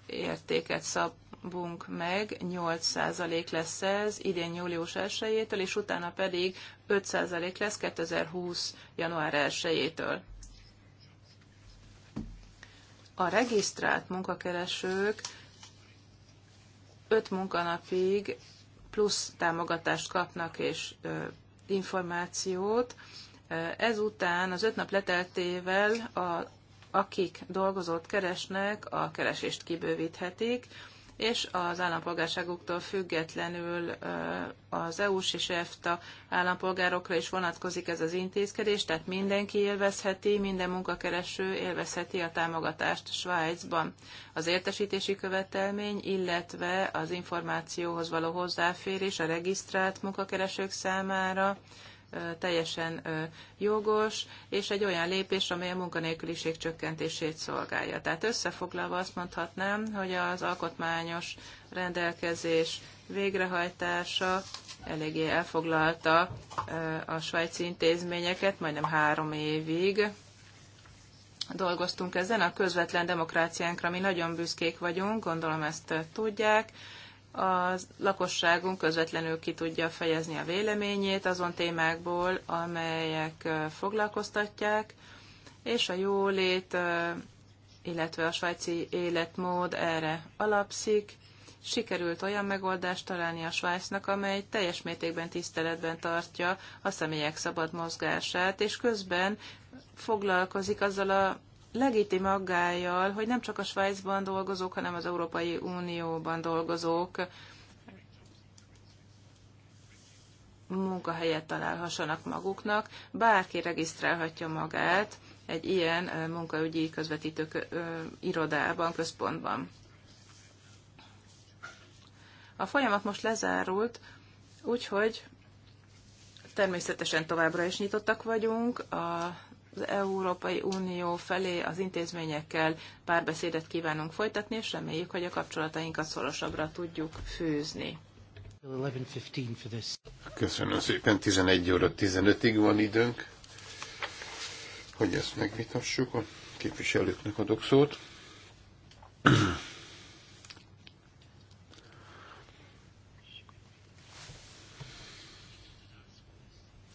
értéket szab kapunk meg, 8% lesz ez idén július 1 és utána pedig 5% lesz 2020. január 1 -től. A regisztrált munkakeresők 5 munkanapig plusz támogatást kapnak és információt. Ezután az öt nap leteltével a, akik dolgozót keresnek, a keresést kibővíthetik, és az állampolgárságuktól függetlenül az EU-s és EFTA állampolgárokra is vonatkozik ez az intézkedés, tehát mindenki élvezheti, minden munkakereső élvezheti a támogatást Svájcban. Az értesítési követelmény, illetve az információhoz való hozzáférés a regisztrált munkakeresők számára, teljesen jogos, és egy olyan lépés, amely a munkanélküliség csökkentését szolgálja. Tehát összefoglalva azt mondhatnám, hogy az alkotmányos rendelkezés végrehajtása eléggé elfoglalta a svájci intézményeket, majdnem három évig dolgoztunk ezen a közvetlen demokráciánkra, mi nagyon büszkék vagyunk, gondolom ezt tudják, a lakosságunk közvetlenül ki tudja fejezni a véleményét azon témákból, amelyek foglalkoztatják, és a jólét, illetve a svájci életmód erre alapszik. Sikerült olyan megoldást találni a Svájcnak, amely teljes mértékben tiszteletben tartja a személyek szabad mozgását, és közben foglalkozik azzal a legitim aggájjal, hogy nem csak a Svájcban dolgozók, hanem az Európai Unióban dolgozók munkahelyet találhassanak maguknak. Bárki regisztrálhatja magát egy ilyen munkaügyi közvetítő irodában, központban. A folyamat most lezárult, úgyhogy természetesen továbbra is nyitottak vagyunk a az Európai Unió felé az intézményekkel párbeszédet kívánunk folytatni, és reméljük, hogy a kapcsolatainkat szorosabbra tudjuk fűzni. Köszönöm szépen, 11 óra 15-ig van időnk, hogy ezt megvitassuk. A képviselőknek adok szót.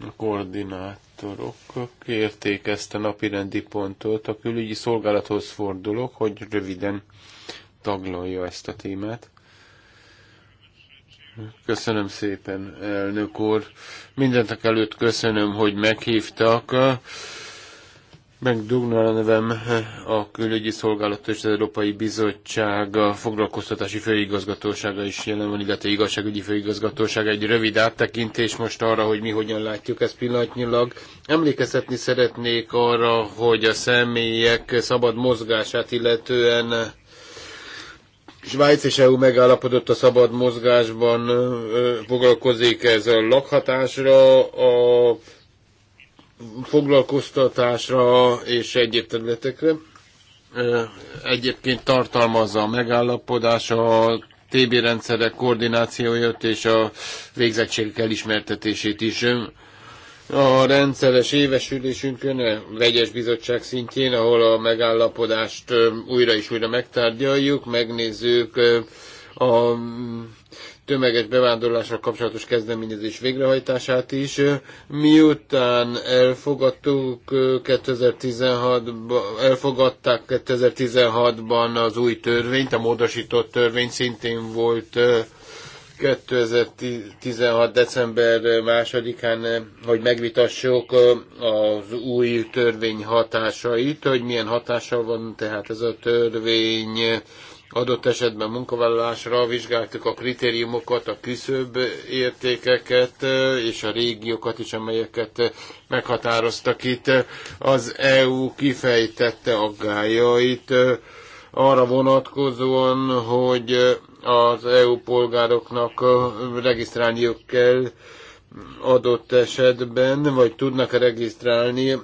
A koordinát koordinátorok kérték ezt a napirendi pontot. A külügyi szolgálathoz fordulok, hogy röviden taglalja ezt a témát. Köszönöm szépen, elnök úr. Mindentek előtt köszönöm, hogy meghívtak Megdugnál a nevem a Külügyi Szolgálat és az Európai Bizottság, a Foglalkoztatási Főigazgatósága is jelen van, illetve Igazságügyi főigazgatóság Egy rövid áttekintés most arra, hogy mi hogyan látjuk ezt pillanatnyilag. Emlékezhetni szeretnék arra, hogy a személyek szabad mozgását illetően Svájc és EU megállapodott a szabad mozgásban, foglalkozik ez a lakhatásra, a foglalkoztatásra és egyéb területekre. Egyébként tartalmazza a megállapodás a TB rendszerek koordinációját és a végzettségek elismertetését is. A rendszeres éves a vegyes bizottság szintjén, ahol a megállapodást újra és újra megtárgyaljuk, megnézzük a tömeges bevándorlással kapcsolatos kezdeményezés végrehajtását is. Miután elfogadtuk 2016-ban, elfogadták 2016-ban az új törvényt, a módosított törvény szintén volt 2016. december másodikán, hogy megvitassuk az új törvény hatásait, hogy milyen hatással van tehát ez a törvény adott esetben munkavállalásra vizsgáltuk a kritériumokat, a küszöbb értékeket és a régiókat is, amelyeket meghatároztak itt. Az EU kifejtette aggájait arra vonatkozóan, hogy az EU polgároknak regisztrálniuk kell adott esetben, vagy tudnak regisztrálni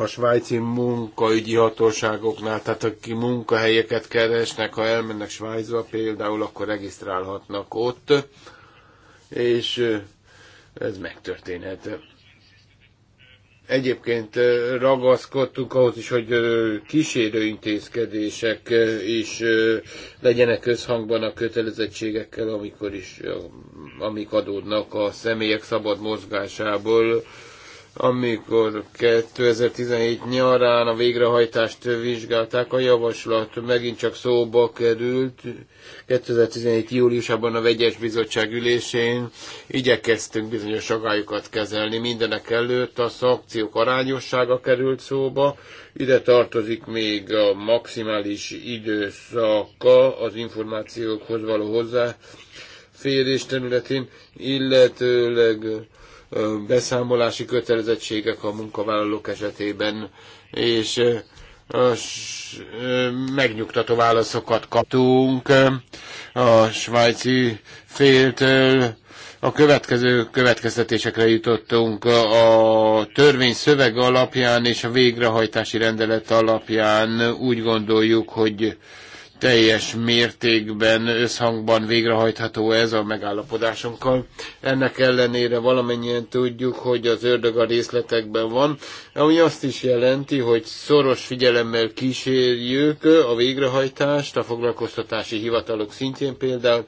a svájci munkaügyi hatóságoknál, tehát aki munkahelyeket keresnek, ha elmennek Svájcba például, akkor regisztrálhatnak ott, és ez megtörténhet. Egyébként ragaszkodtunk ahhoz is, hogy kísérő intézkedések is legyenek összhangban a kötelezettségekkel, amikor is, amik adódnak a személyek szabad mozgásából amikor 2017 nyarán a végrehajtást vizsgálták, a javaslat megint csak szóba került 2017 júliusában a vegyes bizottság ülésén. Igyekeztünk bizonyos agályokat kezelni. Mindenek előtt a szakciók arányossága került szóba. Ide tartozik még a maximális időszaka az információkhoz való hozzáférés területén, illetőleg beszámolási kötelezettségek a munkavállalók esetében, és a megnyugtató válaszokat kaptunk a svájci féltől. A következő következtetésekre jutottunk a törvény szöveg alapján és a végrehajtási rendelet alapján úgy gondoljuk, hogy teljes mértékben összhangban végrehajtható ez a megállapodásunkkal. Ennek ellenére valamennyien tudjuk, hogy az ördög a részletekben van, ami azt is jelenti, hogy szoros figyelemmel kísérjük a végrehajtást, a foglalkoztatási hivatalok szintjén például,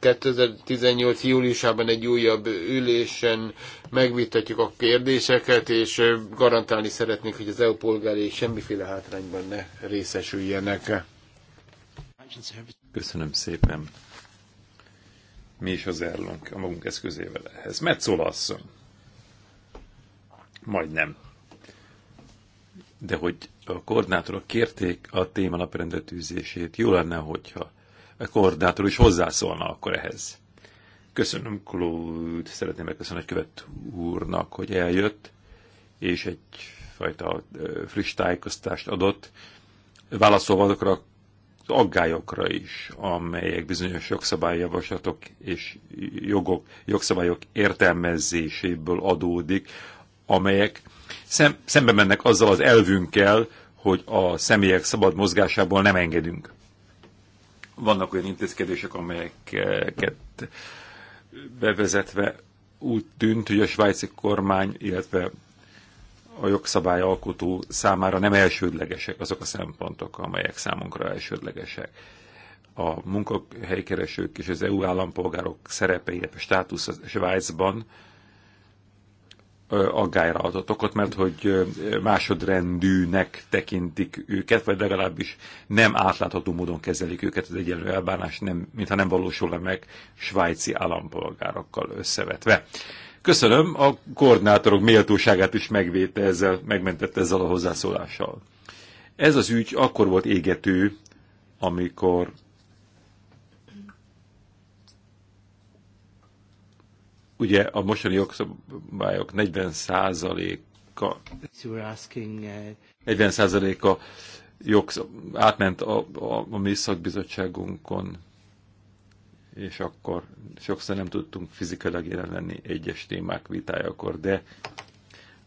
2018. júliusában egy újabb ülésen megvitatjuk a kérdéseket, és garantálni szeretnénk, hogy az EU polgári semmiféle hátrányban ne részesüljenek. Köszönöm szépen. Mi is az ellunk a magunk eszközével ehhez. Mert szólasszom. Majdnem. De hogy a koordinátorok kérték a téma naprendetűzését, jó lenne, hogyha a koordinátor is hozzászólna akkor ehhez. Köszönöm, Claude, szeretném megköszönni a követ úrnak, hogy eljött, és egyfajta friss tájékoztást adott, válaszolva azokra a aggályokra is, amelyek bizonyos jogszabályjavaslatok és jogok, jogszabályok értelmezéséből adódik, amelyek szem, szembe mennek azzal az elvünkkel, hogy a személyek szabad mozgásából nem engedünk. Vannak olyan intézkedések, amelyeket bevezetve úgy tűnt, hogy a svájci kormány, illetve a jogszabályalkotó számára nem elsődlegesek azok a szempontok, amelyek számunkra elsődlegesek. A munkahelykeresők és az EU állampolgárok szerepe, illetve státusz a Svájcban aggályra adott okot, mert hogy másodrendűnek tekintik őket, vagy legalábbis nem átlátható módon kezelik őket az egyenlő elbánás, nem, mintha nem valósulna meg svájci állampolgárokkal összevetve. Köszönöm, a koordinátorok méltóságát is megvédte ezzel, megmentett ezzel a hozzászólással. Ez az ügy akkor volt égető, amikor ugye a mostani jogszabályok 40%-a 40%-a jogszab, átment a, a, a mi szakbizottságunkon és akkor sokszor nem tudtunk fizikailag jelen lenni egyes témák vitájakor, de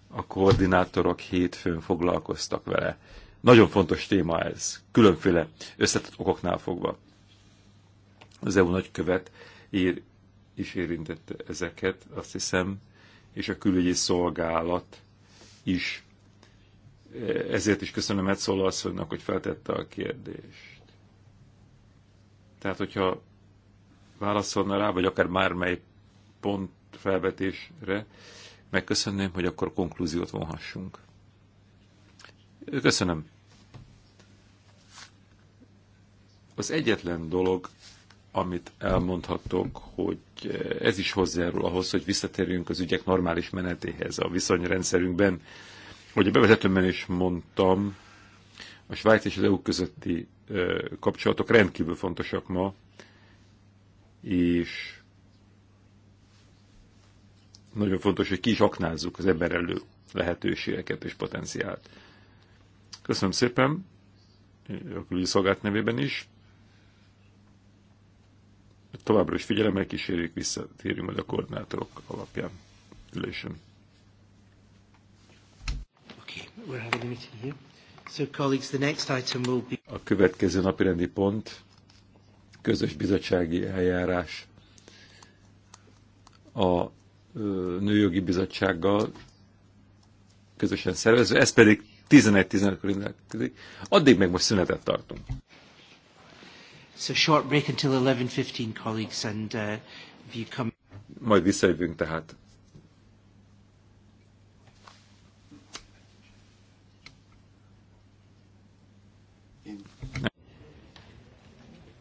a koordinátorok hétfőn foglalkoztak vele. Nagyon fontos téma ez, különféle összetett okoknál fogva. Az EU nagykövet ír, is érintette ezeket, azt hiszem, és a külügyi szolgálat is. Ezért is köszönöm Edszola asszonynak, hogy feltette a kérdést. Tehát, hogyha válaszolna rá, vagy akár mármely pont felvetésre, megköszönném, hogy akkor konklúziót vonhassunk. Köszönöm. Az egyetlen dolog, amit elmondhatok, hogy ez is hozzájárul ahhoz, hogy visszatérjünk az ügyek normális menetéhez a viszonyrendszerünkben. Hogy a bevezetőmben is mondtam, a Svájc és az EU közötti kapcsolatok rendkívül fontosak ma, és nagyon fontos, hogy ki is aknázzuk az ebben elő lehetőségeket és potenciált. Köszönöm szépen, a külügyi szolgált nevében is. Továbbra is figyelemmel kísérjük, visszatérjünk majd a koordinátorok alapján ülésen. A következő napi rendi pont közös bizottsági eljárás a Nőjogi Bizottsággal közösen szervező. ez pedig 11-15-kor rendelkezik. Addig meg most szünetet tartunk. So short break until 11.15, colleagues, and uh, if you come... Majd visszajövünk tehát